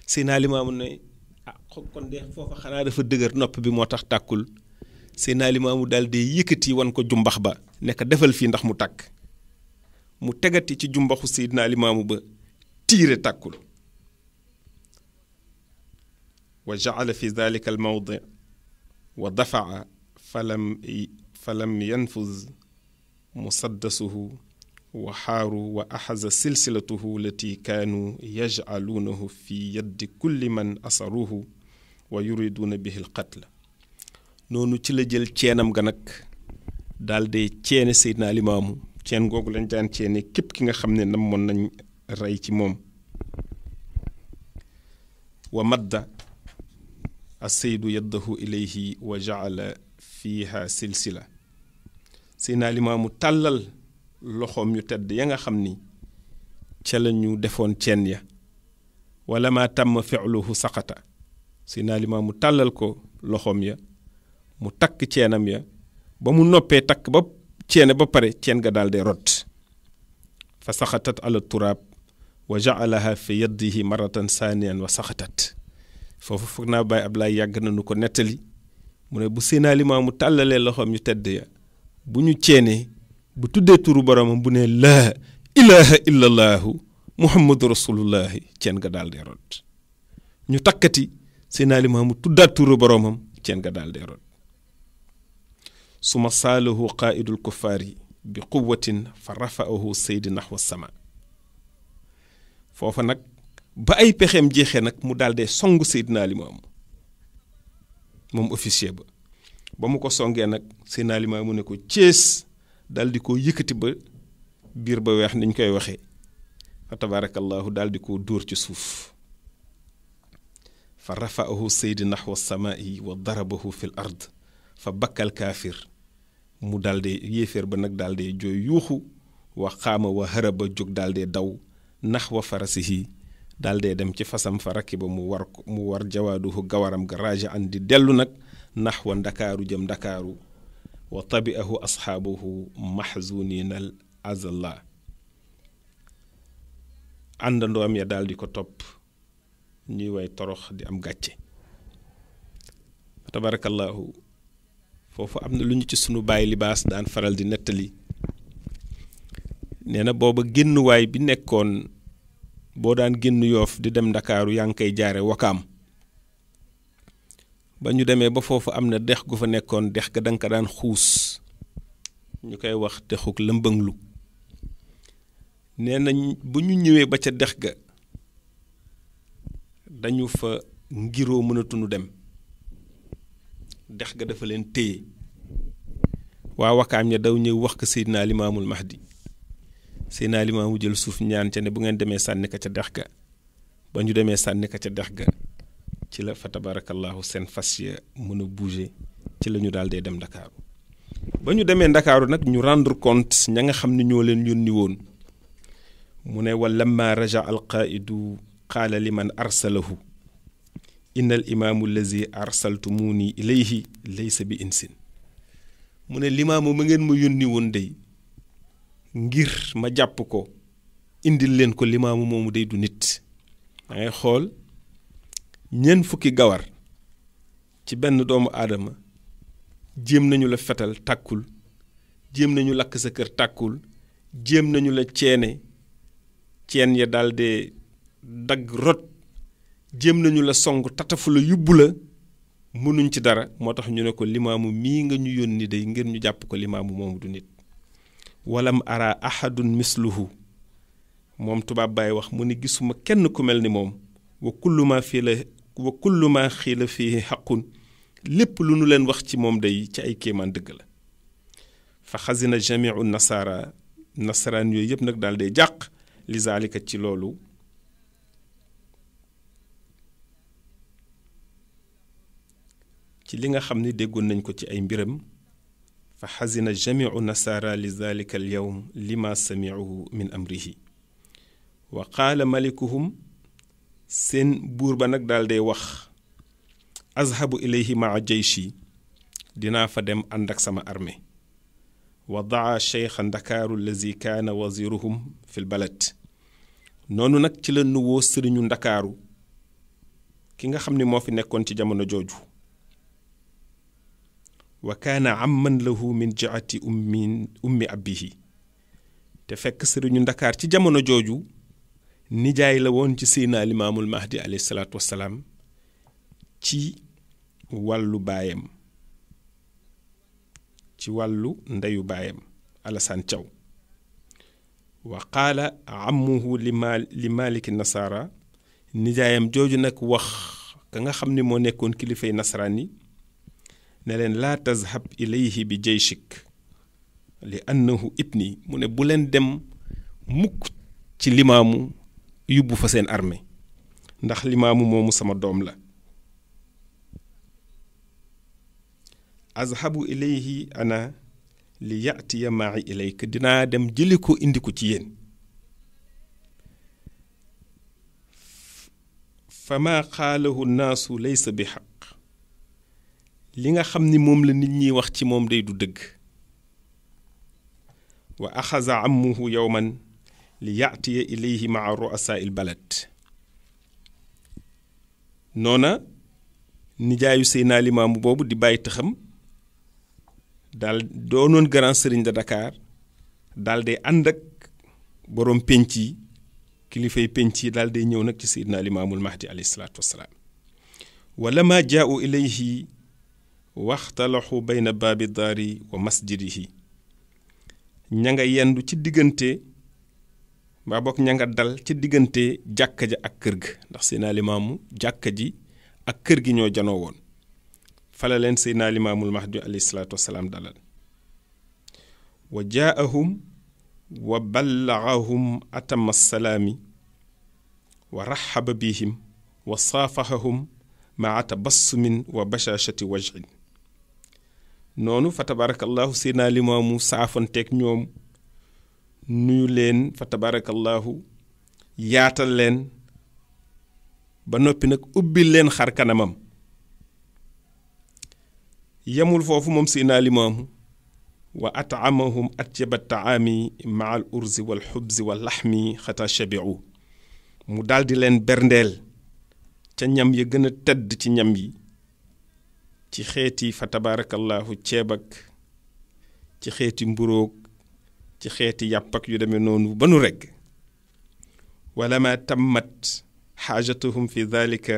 سينا الإمام ني آه، كون دي فوفا خنا دا فا دغر نوب بي موتاخ تاكل سينا الإمام دال دي يكتي وان كو جومبخ با في ندخ تاك mu tegati ci jumbaxu Seydina Limaamu ba tiire tàkkul wa jaala fi dalika al mawdi wa dafaa falam falam yanfuz musaddasuhu wa xaaru wa axaza silsilatuhu lati kaanu yajcaluunahu fi yaddi kulli man asaruuhu wa yuriduuna bihi alqatla noonu ci la jël ceenam ga nag daal day ceene Seydina Limaamu ceen googu lañ daan ceene képp ki nga xam ne mon nañ rey ci moom wa madda asseydu yaddahu ilayhi wa jaala fiha silsila Seydina Limaamu tàllal loxoom yu tedd ya nga xam ni ca la ñu defoon ceen ya wala ma tàmm filuhu saqata Seydina Limaamu tàllal ko loxoom ya mu takk ceenam ya ba mu noppee takk ba ceene ba pare ceen ga daal di rot fa saxatat ala turaab wa jaalaha fi yaddihi maratan saaniyan wa saxatat foofu foog naa bàyyi Ablaay yàgg na nu ko nettali mu ne bu Seydina Limaamu tàllalee loxoom yu tedd ya bu ñu ceenee bu tuddee turu boromam bu ne laa ilaha illallahu muhammadu rasulullahi ceen nga daal di rot ñu takkati Seydina Limaamu tuddaat turu boromam ceen nga daal di rot ثم ساله قائد الكفار بقوة فرفعه سيد نحو السماء فوفا نك ba ay pexeem jeexee nag mu daal dee song Seydina Limaamu moom officier ba ba mu ko songee nag Seydina Limaamu ne ko cees daal di ko yëkkati ba biir ba weex niñ koy waxee fa tabaarakallaahu daal di ko dóor ci suuf fa rafaahu seydi naxwa samaa'i wa darabahu fi l ard fa bakkal kaafir mu daldi di yéeféer ba nag daldi jooy yuuxu wa xaama wa haraba jóg daal daw nax wa farasihi daal di dem ci fasam fa rakki ba mu war mu war jawaaduhu gawaram ga raja di dellu nag nax wa ndakaaru jëm ndakaaru wa tabi'ahu asxaabuhu maxzuniina azalla àndandoom ya daal di ko topp ñuy way torox di am gàcce tabarakallahu foofa am na lu ñu ci sunu bàyyi libaas daan faral di nettali nee na booba génnuwaay bi nekkoon boo daan génn yoof di dem ndakaaru yaa ngi koy jaare wakaam ba ñu demee ba foofa am na dex gu fa nekkoon dex ga danga ko daan xuus ñu koy wax dexuk lëmbënglu nee na bu ñu ñëwee ba ca dex ga dañu fa ngiroo mënatuñu dem dex ga dafa leen téye waa wakaam ña daw ñëw wax ko Seydina Limaamul Mahdi Seydina Limaamu jël suuf ñaan ca ne bu ngeen demee sànni ka ca dex ga ba ñu demee sànni ka ca dex ga ci la fa tabarakallahu seen fas ya mën a ci la ñu daal dee dem ndakaaru ba ñu demee ndakaaru nag ñu rendre compte ña nga xam ne ñoo leen yónni woon mu ne wa lamma raja alqaidu qaala man arsalahu indil imaamu lazi arsaltumuni ilayhi laysa bi insin mu ne limaamu ma ngeen ma yónni woon day ngir ma jàpp ko indil leen ko limaamu moomu day du nit da xool ñeent fukki gawar ci benn doomu aadama jéem nañu la fetal tàkkul jéem nañu lakk sa kër tàkkul jéem nañu la ceene ceen ya daldi dagg rot jéem nañu la song tatafu la yóbbu la mënuñ ci dara moo tax ñu ne ko limaamu mii nga ñu yónni day ngir ñu jàpp ko limaamu moom du nit wallam ara ahadun misluhu moom tubaab baay wax mu ne gisuma kenn ku mel ni moom wa kullu ma la wa kullu ma xiila fii xaqun lépp lu ñu leen wax ci moom day ci ay kéemaan dëgg la fa xasina jamiu nasaara nasaraan yooyu yëpp nag daal day jàq li ci loolu ci li nga xam ni déggoon nañ ko ci ay mbiram fa xasina jamiu nasara li zalika alyawm lima samiuhu min amrihi wa qala malikuhum seen buur ba nag daal day wax azhabu ilayhi maa jeyshi dinaa fa dem ànd ak sama armée wa daa cheikha ndakaaru lazi kaana waziruhum fil balad noonu nag ci la nuwoo sëriñu ndakaaru ki nga xam ni moo fi nekkoon ci jamono jooju وكان عما له من جعة أم أم أبيه تفك سرني ذكر تجمعنا جوجو نجاي لون تسينا الإمام المهدي عليه الصلاة والسلام تي والو بايم تي والو نديو بايم على سانتشو وقال عمه لمالك النصارى نجايم جوجو نك وخ كنا خمني مونيكون كليفي نصراني ne leen laa tazhab bi bi jayshik li annahu ibni mu ne buleen dem mukk ci limaamu yóbbu fa seen armée ndax limaamu moomu sama doom la azhabu ilayhi ana li yatiya maai ilayka dinaa dem jëli ko indi ko ci yéen fa maa xaalahu naasu laysa bi xaq li nga xam ni moom la nit ñiy wax ci moom day du dëgg wa axaza amuhu yowman li yaatiya ilayhi maa ruasa il balad noona nijaayu Seydina Limaamu boobu di bàyyi taxam daal doonoon grand sëriñ de Dakar dal day ànd ak boroom pénc yi kilifay pénc yi daal day ñëw nag ci Seydina Limaamul Mahdi alayhi salaatu wasalaam wala ma jaau ilayhi waxtalaxu bayna baabi daari wa masjidihi ña nga yendu ci diggante mbaa bokk ña nga dal ci diggante jàkka ja ak kër ga ndax Seydina Limaamu jàkka ji ak kër gi ñoo janoo woon fala leen Seydina Limaamul Mahdi alayhi salaatu wasalaam dalal wa jaahum wa ballaxahum atama salaami wa raxaba bihim wa saafahahum maa tabassumin wa bashaashati wajhin noonu fa tabarakallahu seenaa limaamu saafanteeg ñoom nuyu leen fa tabarakallahu yaatal leen ba noppi nag ubbil leen xar kanamam yamul foofu moom seenaa limaamu wa ataamahum atyaba taami maa al urzi wal xubzi wal laxmi xata shabiu mu daldi leen berndeel ca ñam ya gën a tedd ci ñam yi ci xeeti fa tabaarakallaahu ceeb ak ci xeeti mburoog ci xeeti yàpp ak yu demee noonu ba nu regg walama tammat xaajatuhum fi dalika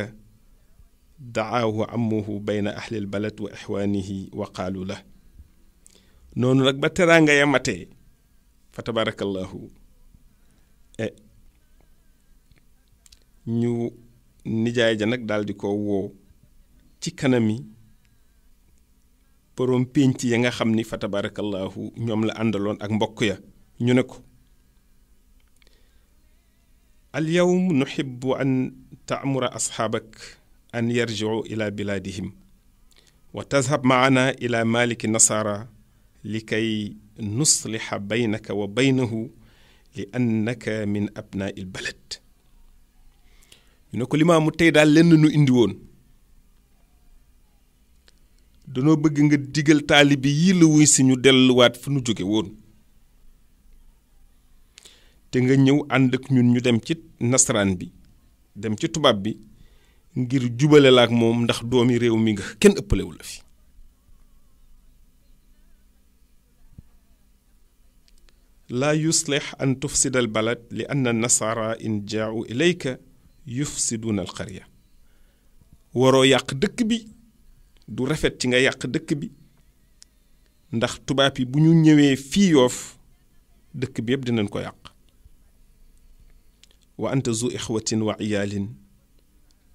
daahu amuhu bayna ahlil balad wa ixwaanihi wa qaalu la noonu nag ba teraanga ya matee fa tabaarakallaahu e ñu nijaay ja nag daal di ko woo ci kanami borom pénc ya nga xamni fa tabarakallahu ñom la andalon ak mbokk ya ñu ne ko al yawm nuhibbu an ta'mura ashabak an yarji'u ila biladihim wa tazhab ma'ana ila malik مالك النصارى لكي نصلح بينك وبينه لأنك من أبناء البلد ñu ne ko li maamu tey daal nu indi woon danoo bëgg nga digal taalibi yii la wuy si ñu delluwaat fu nu jóge woon te nga ñëw ànd ak ñun ñu dem ci nasaraan bi dem ci tubaab bi ngir jubale la ak moom ndax doomi réew mi nga kenn ëppalewu la fi laa yuslix an tufsida al li anna nasara in jaau ilayka yufsiduuna al waroo yàq dëkk bi du rafet ci nga yàq dëkk bi ndax tubaab yi bu ñu ñëwee fii yoof dëkk bi yëpp dinañ ko yàq wa anta zu ixwatin wa iyaalin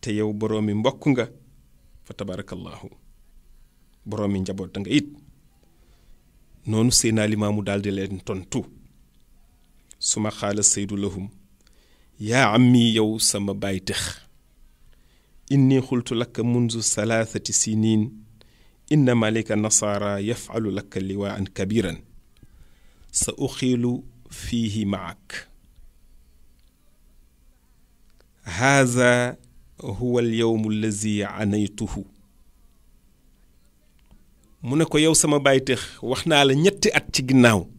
te yow boroomi mbokk nga fa tabarakallahu boroomi njaboot nga it noonu Seydina Limaamu daldi leen tontu suma xaala saydu lahum yaa am ammi yow sama baay tëx إني قلت لك منذ ثلاثة سنين إن مالك النصارى يفعل لك لواء كبيرا سأخيل فيه معك هذا هو اليوم الذي عنيته منك يو سما بايتخ وحنا على نت أتجناو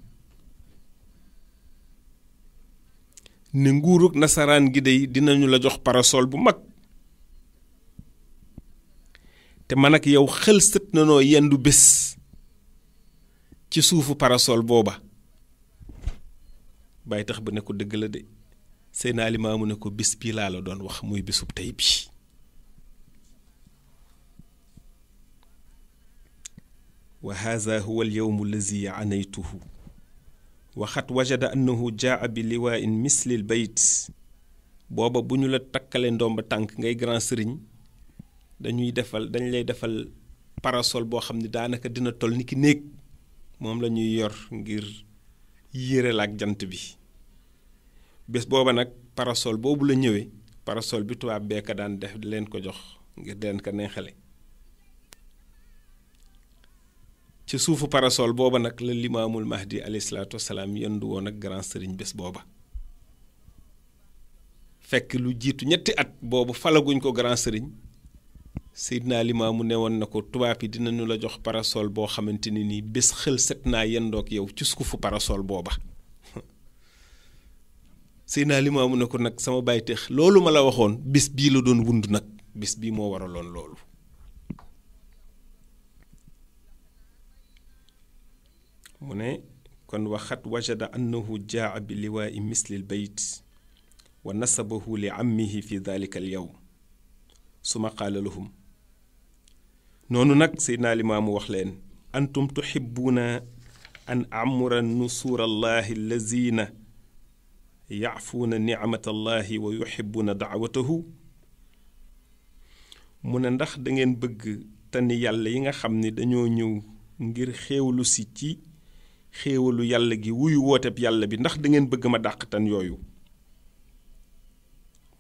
نغوروك نصران جدي دينا نولا بارسول بمك te man ak yow xel sët nanoo yendu bés ci suufu parasol booba bàyyi tax ba ne ko dëgg la de seen alimaamu ne ko bis bii laa la doon wax muy bisub tey bi wa haza huwa alyawmu allazi anaytuhu waxat wajada annahu jaa bi liwaa in mislil bayt booba bu ñu la takkale ndomba tànk ngay grand sëriñ dañuy defal dañ lay defal parasol boo xam ne daanaka dina toll ni ki néeg moom lañuy yor ngir yéeral ak jant bi bés booba nag parasol boobu la ñëwee parasol bi tubaab bee ka daan def di leen ko jox ngir di leen ko neexale ci suufu parasol booba nag la limaamul mahdi alayhi salaatu wasalaam yendu woon ak grand sëriñ bés booba fekk lu jiitu ñetti at boobu falaguñ ko grand sëriñ Seydina Limaamu ne woon na ko tubaab yi dinañu la jox parasol boo xamante ne nii bés xël set naa yendoog yow ci suufu parasol booba Seydina Limaamu ne ko nag sama bàyyi teex loolu ma la waxoon bés bii la doon wund nag bés bii moo waraloon loolu mu ne kon waxat wajada annahu jaa bi liwaa'i mislil bayt wa nasabahu li ammihi fi dalika al suma qaala lahum noonu nag seydnaa limaamu wax leen antum tuhibbuuna an amura nusuura allahi allazina yafuuna nicmata allahi wa yuhibbuuna daawatahu mu ne ndax dangeen bëgg tani yàlla yi nga xam ni dañoo ñëw ngir xéewlu si ci xéewalu yàlla gi wuyu wooteb yàlla bi ndax dangeen bëgg ma dàq tan yooyu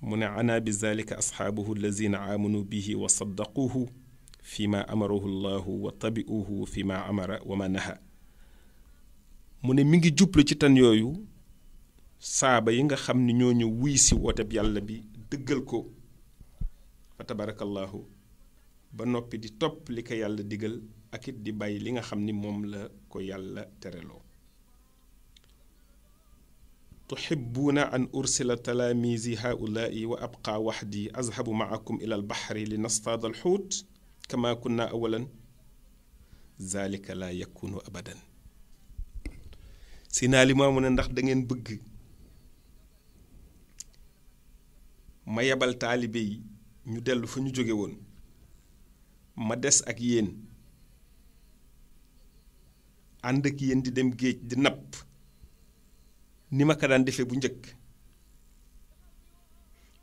منعنا بذلك أصحابه الذين آمنوا به وصدقوه فيما أمره الله وطبئوه فيما أمر وما نهى من ميغي جوبل سي تان يويو صابا ييغا خامني ньо ньо ويسي ووتاب يالا بي دغال كو فتبارك الله با نوبي دي توب ليكا يالا اكيد دي باي ليغا خامني موم لا كو يالا تحبون أن أرسل تلاميذي هؤلاء وأبقى وحدي أذهب معكم إلى البحر لنصطاد الحوت كما كنا أولا ذلك لا يكون أبدا سينا لما من ndax da ngeen bëgg ma yebal taalibe yi ñu dellu fa ñu jóge woon ma des ak yéen ànd ak yéen di dem géej di napp ni ma ko daan defee bu njëkk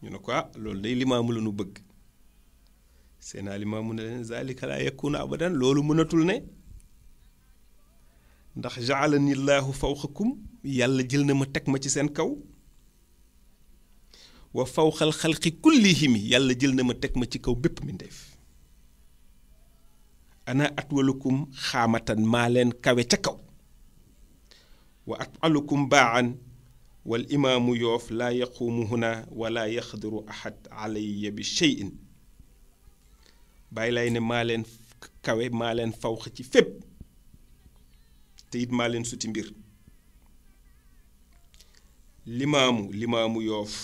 ñu ne ko ah loolu day limaamu la nu bëgg seen alimaamu ne leen zalika laa yekkuun abadan loolu mënatul ne ndax jaalani llahu fawxakum yàlla jël na ma teg ma ci seen kaw wa fawqal xalqi kullihim yàlla jël na ma teg ma ci kaw bépp mi ndeef ana atwalukum xaamatan maa leen kawe ca kaw وأتعلكم باعا والإمام يوف لا يقوم هنا ولا يقدر أحد علي بشيء باي لاي ne maa leen kawe maa leen fawx ci fépp te it maa leen suti mbir limaamu limaamu yoof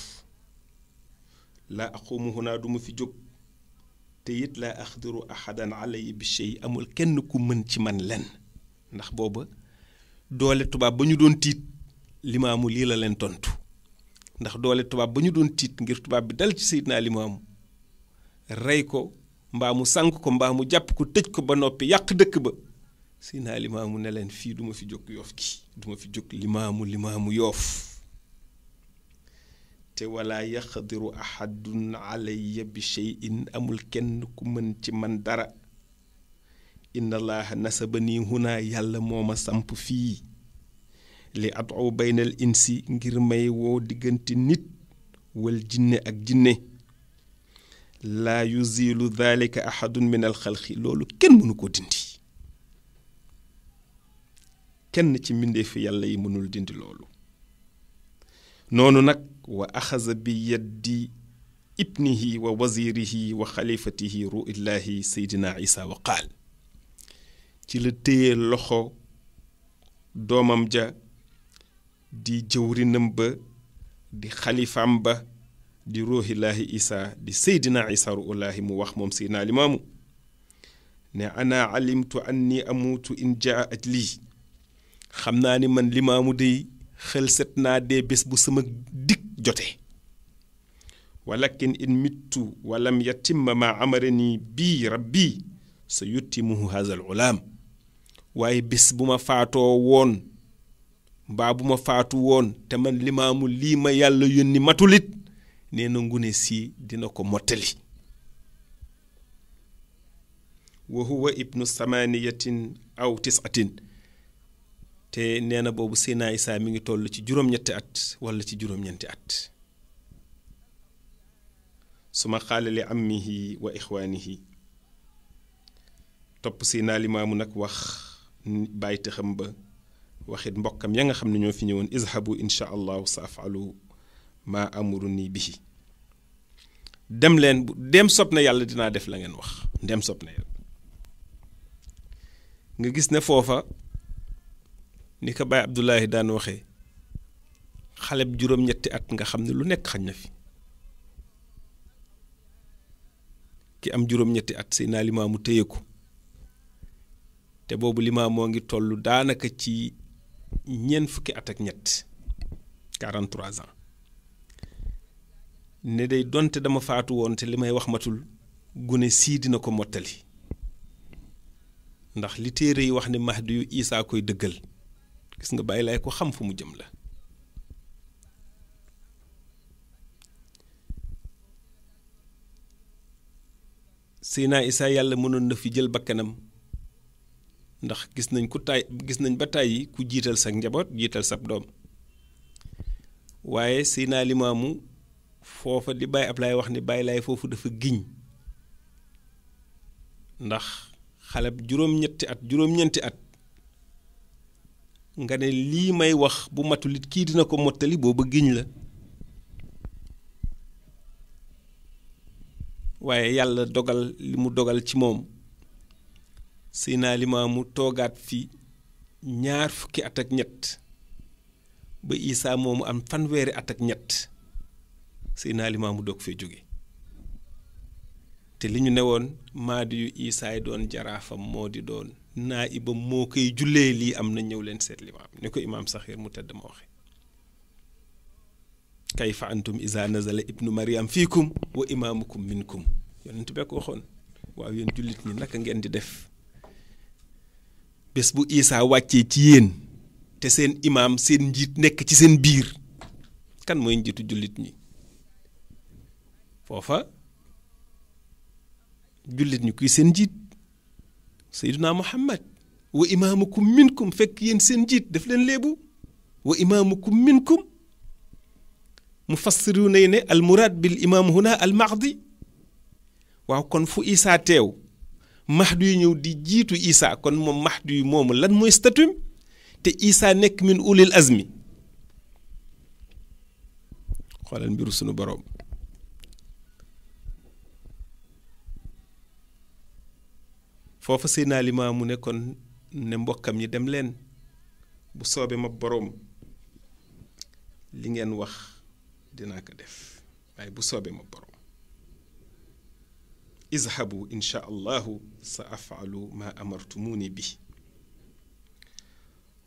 laa aquumu huna du ma fi jóg te it laa axdiru ahadan alay bi shay amul kenn ku mën ci man lenn ndax booba doole tubaab ba ñu doon tiit limaamu lii la leen tontu ndax doole tubaab ba ñu doon tiit ngir tubaab bi dal ci Seydina Limaamu rey ko mbaa mu sànk ko mbaa mu jàpp ko tëj ko ba noppi yàq dëkk ba Seydina Limaamu ne leen fii duma fi jóg yoof gi duma fi jóg limaamu limaamu yoof te wala yaqdiru ahadun alayya bi shay'in amul kenn ku mën ci man dara inna allaha nasabani huna yàlla moma ma samp fii li adu baynal insi ngir may woo diggante nit wal jinne ak jinne laa yuzilu dhalika ahadun min alxalqi loolu kenn mënu ko dindi kenn ci mbindeefi yàlla yi mënul dindi loolu noonu nag wa axaza bi yaddi ibnihi wa wazirihi wa xalifatihi ruillahi sayidina isa wa ci le téye loxo doomam ja di jëwrinam ba di xalifaam ba di ruuxilaahi isa di seydina isaa ruuxulaahi mu wax moom sayidina limaamu ne ana alimtu anni amutu in jaat at lii xam naa ni man limaamu day xel set naa dee bés bu sama dik jote walakin in mittu walam yatimma ma amara nii bii rabbi sa yuttimuhu haazal ulaam waaye bis bu ma faatoo woon mbaa bu ma faatu woon te man limaamu lii ma yàlla yónni matulit nee na ngune si dina ko mottali wa huwa ibnu samaniyatin aw tisatin te nee na boobu Seydina Isaa mi ngi toll ci juróom-ñetti at wala ci juróom-ñeenti at suma am mi ammihi wa ixwaanihi topp Seydina Limaamu nag wax bàyyi te xam ba waxit mbokkam ya nga xam ne ñoo fi ñëwoon izhabu incha allahu sa afalu maa amuru nii bihi dem leen bu dem sob na yàlla dinaa def la ngeen wax dem sob na yàlla nga gis ne foofa ni ko Baye Abdoulaye daan waxee xale bu juróom-ñetti at nga xam ne lu nekk xañ na fi ki am juróom-ñetti at Seydina Limaamu téye ko te boobu limaa moo ngi tollu daanaka ci ñeent fukki at ak ñett 43 ne day donte dama faatu woon te li may wax matul gune sii dina ko mottali ndax li téere yi wax ne Mahdi yu Isaa koy dëggal gis nga bàyyi laay ko xam fu mu jëm la Seydina Isaa yàlla mënoon na fi jël bakkanam ndax gis nañ ku tay gis nañ ba tàyyi ku jiital sa njaboot jiital sab doom waaye Seydina Limaamu foofa li ab lay wax ni Baye Laay foofu dafa giñ ndax xale juróom-ñetti at juróom-ñeenti at nga ne lii may wax bu matulit kii dina ko mottali booba giñ la waaye yàlla dogal li mu dogal ci moom Seydina Limaamu toogaat fi ñaar fukki at ak ñett ba Isaa moomu am fanweeri at ak ñett Seydina Limaamu doog fee jóge te li ñu ne woon maadi yu Isaa doon jaraafam moo di doon naa ibam moo koy jullee lii am na ñëw leen seet limaam ni ko imaam Saxiir mu tedd ma waxe kayfa antum isa nazala ibnu mariam fiikum wa imaamukum minkum yonent bee ko waxoon waaw yéen jullit ñi naka ngeen di def bés bu Isa wàccee ci yéen te seen imaam seen njiit nekk ci seen biir kan mooy njiitu jullit ñi foofa jullit ñi kuy seen njiit Seydina Muhammad wa imaamukum minkum fekk yéen seen njiit def leen léebu wa imaamukum minkum mufassiru nay ne murad bil imam huna al mahdi waaw kon fu Isa teew mahdu yu ñëw di jiitu Isa kon moom mahdu yu moomu lan mooy statut te Isa nekk min ulil azmi xoolal mbiru sunu borom foofa Seydina Limaamu ne kon ne mbokkam ñi dem leen bu soobee ma borom li ngeen wax dinaa ko def waaye bu soobee ma borom اذهبوا ان شاء الله سافعل ما امرتموني به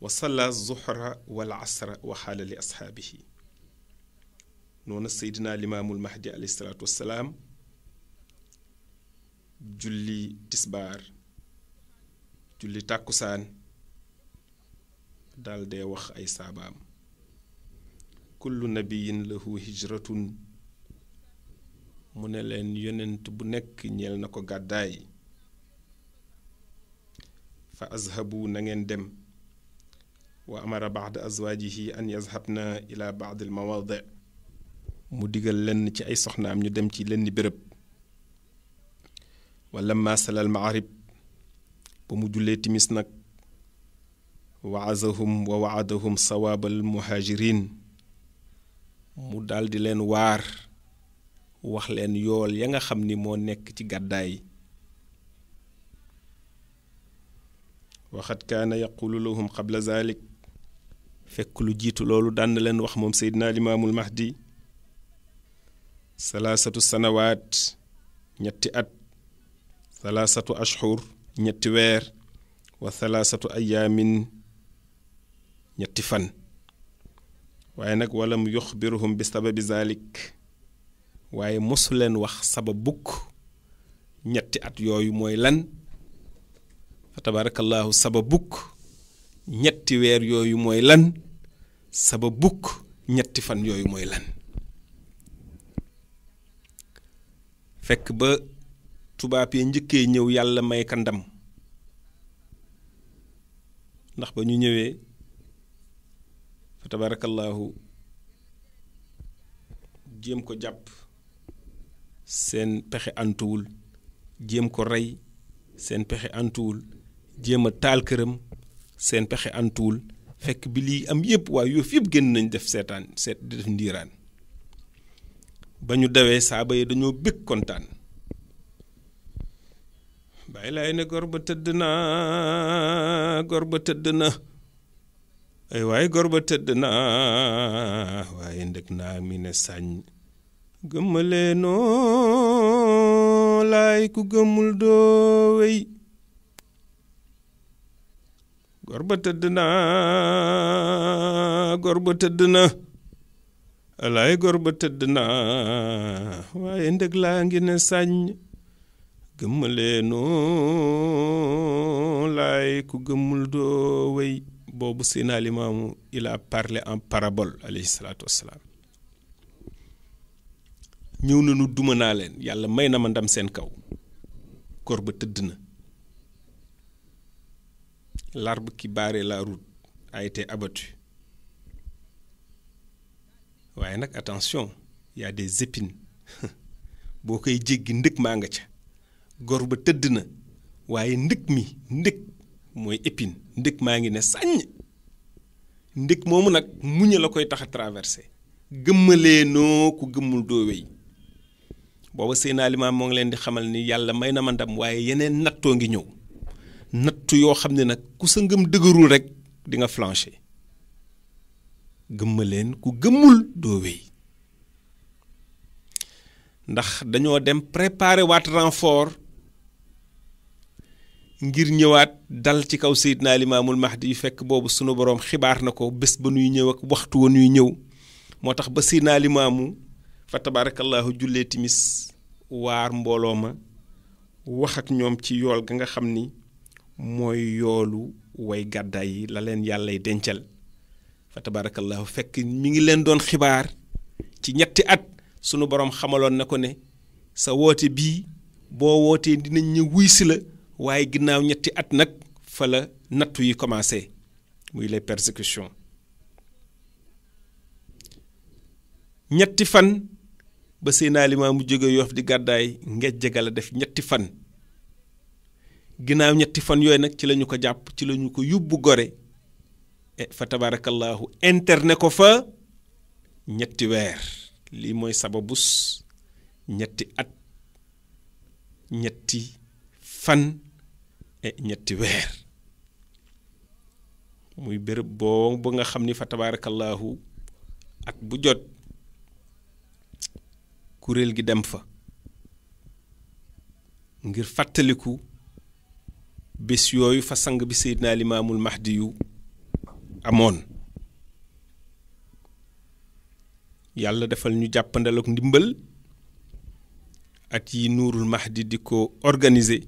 وصلى الظهر والعصر وحال لاصحابه نون سيدنا الامام المهدي عليه الصلاه والسلام جلي تسبار جلي تاكوسان دال دي وخ اي سابام كل نبي له هجره mu ne leen yonent bu nekk ñeel na ko gàddaay fa azhabu na ngeen dem wa amara baada azwajihi an yazhabna ila baad al mawaadi mu digal lenn ci ay soxnaam ñu dem ci lenn béréb wa lamma salal maarib ba mu jullee timis nag waazahum wa waadahum sawaabal muhaajirin mu daldi leen waar wax leen yool ya nga xam ni moo nekk ci gàddaay waxat kaana yaqulu lahum qabla zalik fekk lu jiitu loolu daan leen wax moom seydina limaamul mahdi salaasatu sanawaat ñetti at salaasatu ashhur ñetti weer wa salaasatu ayaamin ñetti fan waaye nag walam yuxbiruhum bi sababi zalik waaye mosuleen wax saba bukk ñetti at yooyu mooy lan fa tabarakallahu sabab bukk ñetti weer yooyu mooy lan saba bukk ñetti fan yooyu mooy lan fekk ba tubaab yi njëkkee ñëw yàlla may ka ndax ba ñu ñëwee fa tabarakallahu jéem ko jàpp seen pexe antuwul jéem ko rey seen pexe antuwul jéem a taal këram seen pexe antuwul fekk bi lii am yëpp waaye yoofu yëpp génn nañ def seetaan seet di def ndiiraan ba ñu dawee saaba yi dañoo bëgg kontaan bàyyi laay ne gor ba tëdd na gor ba tëdd na waaye gor ba tëdd na waaye ndëg naa mi ne sàññ gëmmaleenoo laay ku gëmmul doo wey gor ba tëdd na gor ba tëdd na laay gor ba tëdd ngi ne sañ gëmmaleenoo laay ku gëmmul doo wey boobu Seydina Limaamu il parlé en parabole alayhi salaatu wassalaam ñëw nañu duma naa leen yàlla may na ma ndam seen kaw góor ba tëdd na l'arbre qui barrait la route a été abattu waaye nag attention y a des boo koy jéggi ndëg maa nga ca góor ba tëdd na waaye ndëg mi ndëg mooy épine ndëg maa ngi ne sàññ ndëg moomu nag muñ la koy tax a traversé gëmmalee noo ku gëmmul doo wey booba naa Limaam moo ngi leen di xamal ni yàlla may na ma ndam waaye yeneen nattoo ngi ñëw nattu yoo xam ne nag ku sa ngëm dëgërul rek di nga flancher gëmma leen ku gëmmul doo wéy ndax dañoo dem préparer waat ranfort ngir ñëwaat dal ci kaw Seydina Limaamul Mahdi yu fekk boobu sunu boroom xibaar na ko bés ba nuy ñëw ak waxtu wa ñëw moo tax ba Seydina Limaamu fa tabaarakallaahu jullee timis waar mbooloo ma wax ak ñoom ci yool ga nga xam ni mooy yoolu way gàddaay yi la leen yàllay dencal fa tabaarakallaahu fekk mi ngi leen doon xibaar ci ñetti at sunu borom xamaloon na ko ne sa woote bii boo wootee dinañ ñu wuy si la waaye ginnaaw ñetti at nag fa la nattu yi commencé muy les persécutions ñetti fan ba Seydina mu jóge yof di gàddaay ngejje ga def ñetti fan ginaaw ñetti fan yooyu nag ci lañu ko jàpp ci lañu ko yóbbu gore e, fa interne ko fa ñetti weer lii mooy sababus ñetti at ñetti fan e ñetti weer muy bërëb boo ba nga xam fa at bu jot Kurel gi dem fa ngir fataliku bés yoyu fa sang bi Seydina al Mahdi yu amoon yàlla defal ñu jappandal ak ndimbal at yi nurul Mahdi di ko organiser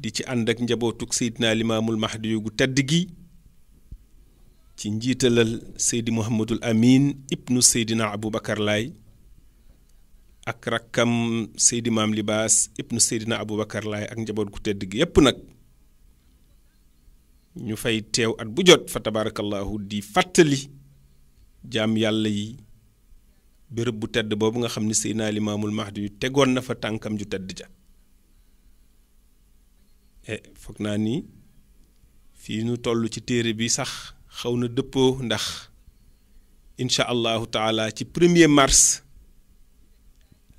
di ci and ak njabootug Seydina al Mahdi yu gu tedd gi ci njiitalal Seydi Mouhamadul Amin ibnu sayyidina abubakar lay ak rakkam seydi maam libaas ibnu seydina bakar laay ak njaboot gu tedd gi yépp nag ñu fay teew at bu jot fa tabarakallahu di fàttali jaam yàlla yi béréb bu tedd boobu nga xam ne seydina limaamul mahdi yu tegoon na fa tànkam ju tedd ja eh foog naa ni fii ñu toll ci téere bi sax xaw na dëppoo ndax incha allahu taala ci premier mars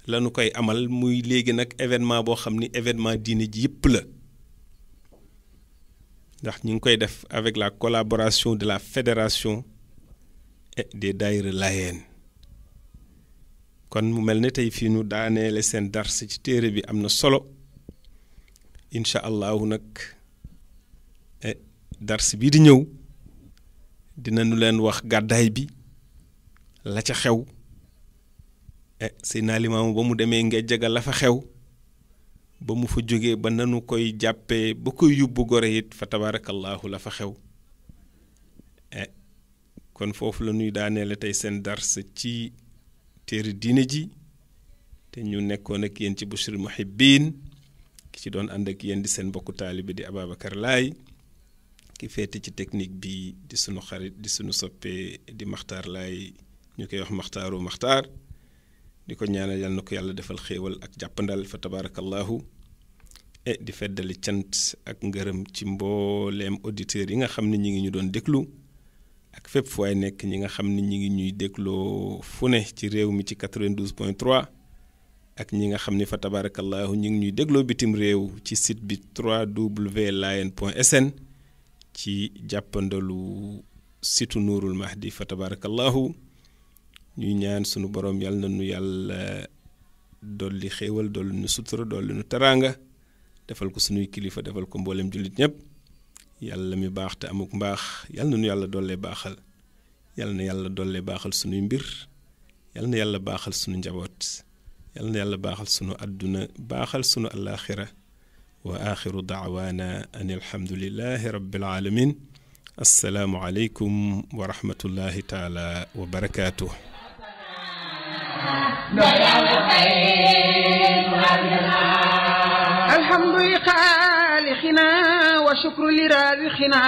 lañu koy amal muy léegi nag événement boo xam ni événement diine ji yëpp la ndax ñu ngi koy def avec la collaboration de la fédération des daire Layeen kon mu mel ne tey fii ñu daaneele seen dars ci téere bi am na solo incha allahu nag eh, dars bii di ñëw dinañu leen wax gàddaay bi la ca xew Eh, Seydina Limaamu ba mu demee ngejjaga la fa xew ba mu fa jógee ba nanu koy jàppee ba koy yóbbu gore it fa tabaarakallaahu la fa xew eh, kon foofu la ñuy daaneele tey seen dars ci téere diine ji te ñu nekkoon ak yéen ci Bichri Mouhibine ki ci doon ànd ak yéen di seen mbokku taalibe di Ababacar lay ki féete ci technique bi di sunu xarit di sunu soppee di maxtaar laay ñu koy wax maxtaaru maxtaar di ko ñaanal yàlla na ko yàlla defal xéewal ak jàppandal fa tabaarakallaahu e di feddali cant ak ngërëm ci mbooleem auditeurs yi nga xam ne ñi ngi ñu doon déglu ak fépp fu waay nekk ñi nga xam ni ñi ngi ñuy dégloo fu ne ci réew mi ci 92 point 3 ak ñi nga xam ne fa tabaarakallaahu ñi ngi ñuy dégloo bitim réew ci site bi 3w layen point sn ci jàppandalu situ nuurul mahdi fa tabaarakallaahu ñuy ñaan sunu borom yàlla na nu yàlla dolli xéewal dolli nu sutura dolli nu teraanga defal ko sunuy kilifa defal ko mboolem jullit ñëpp yàlla mi baax te amuk mbaax yàlla na nu yàlla dolle baaxal yàlla na yàlla dolle baaxal sunuy mbir yàlla na yàlla baaxal sunu njaboot yàlla na yàlla baaxal sunu àdduna baaxal sunu alaaxira wa axiru daawaana an alhamdulilahi rabbil alamin assalaamu aleykum wa rahmatullahi taala wa barakaatuh الحمد لخالقنا وشكر لرازقنا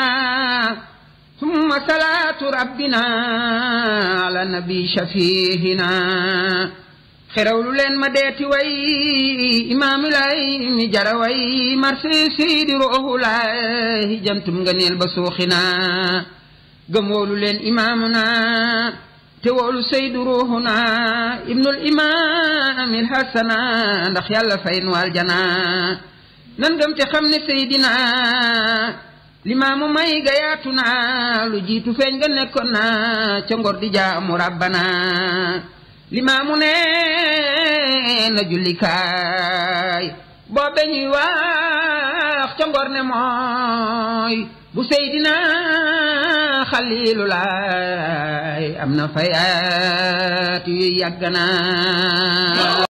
ثم صلاة ربنا على النبي شفيهنا xerawlu leen ma deeti way imaam lay mi jara way marsi siidi ruuxu lay jantum nga neel ba suuxina gëm woolu leen imaam na te woolu saydu ruuxuna ibnul imaam il xasana ndax yàlla fay nu aljana nan gëm te xam ne seydina limaamu may gayaatu na lu jiitu feeñ nga nekkoon na ca ngor di jaamu rabbana limaamu nee na jullikaay boobe ñuy wax ca ne mooy bu seydina xaliilu laay am na fayaat yu yàgg naa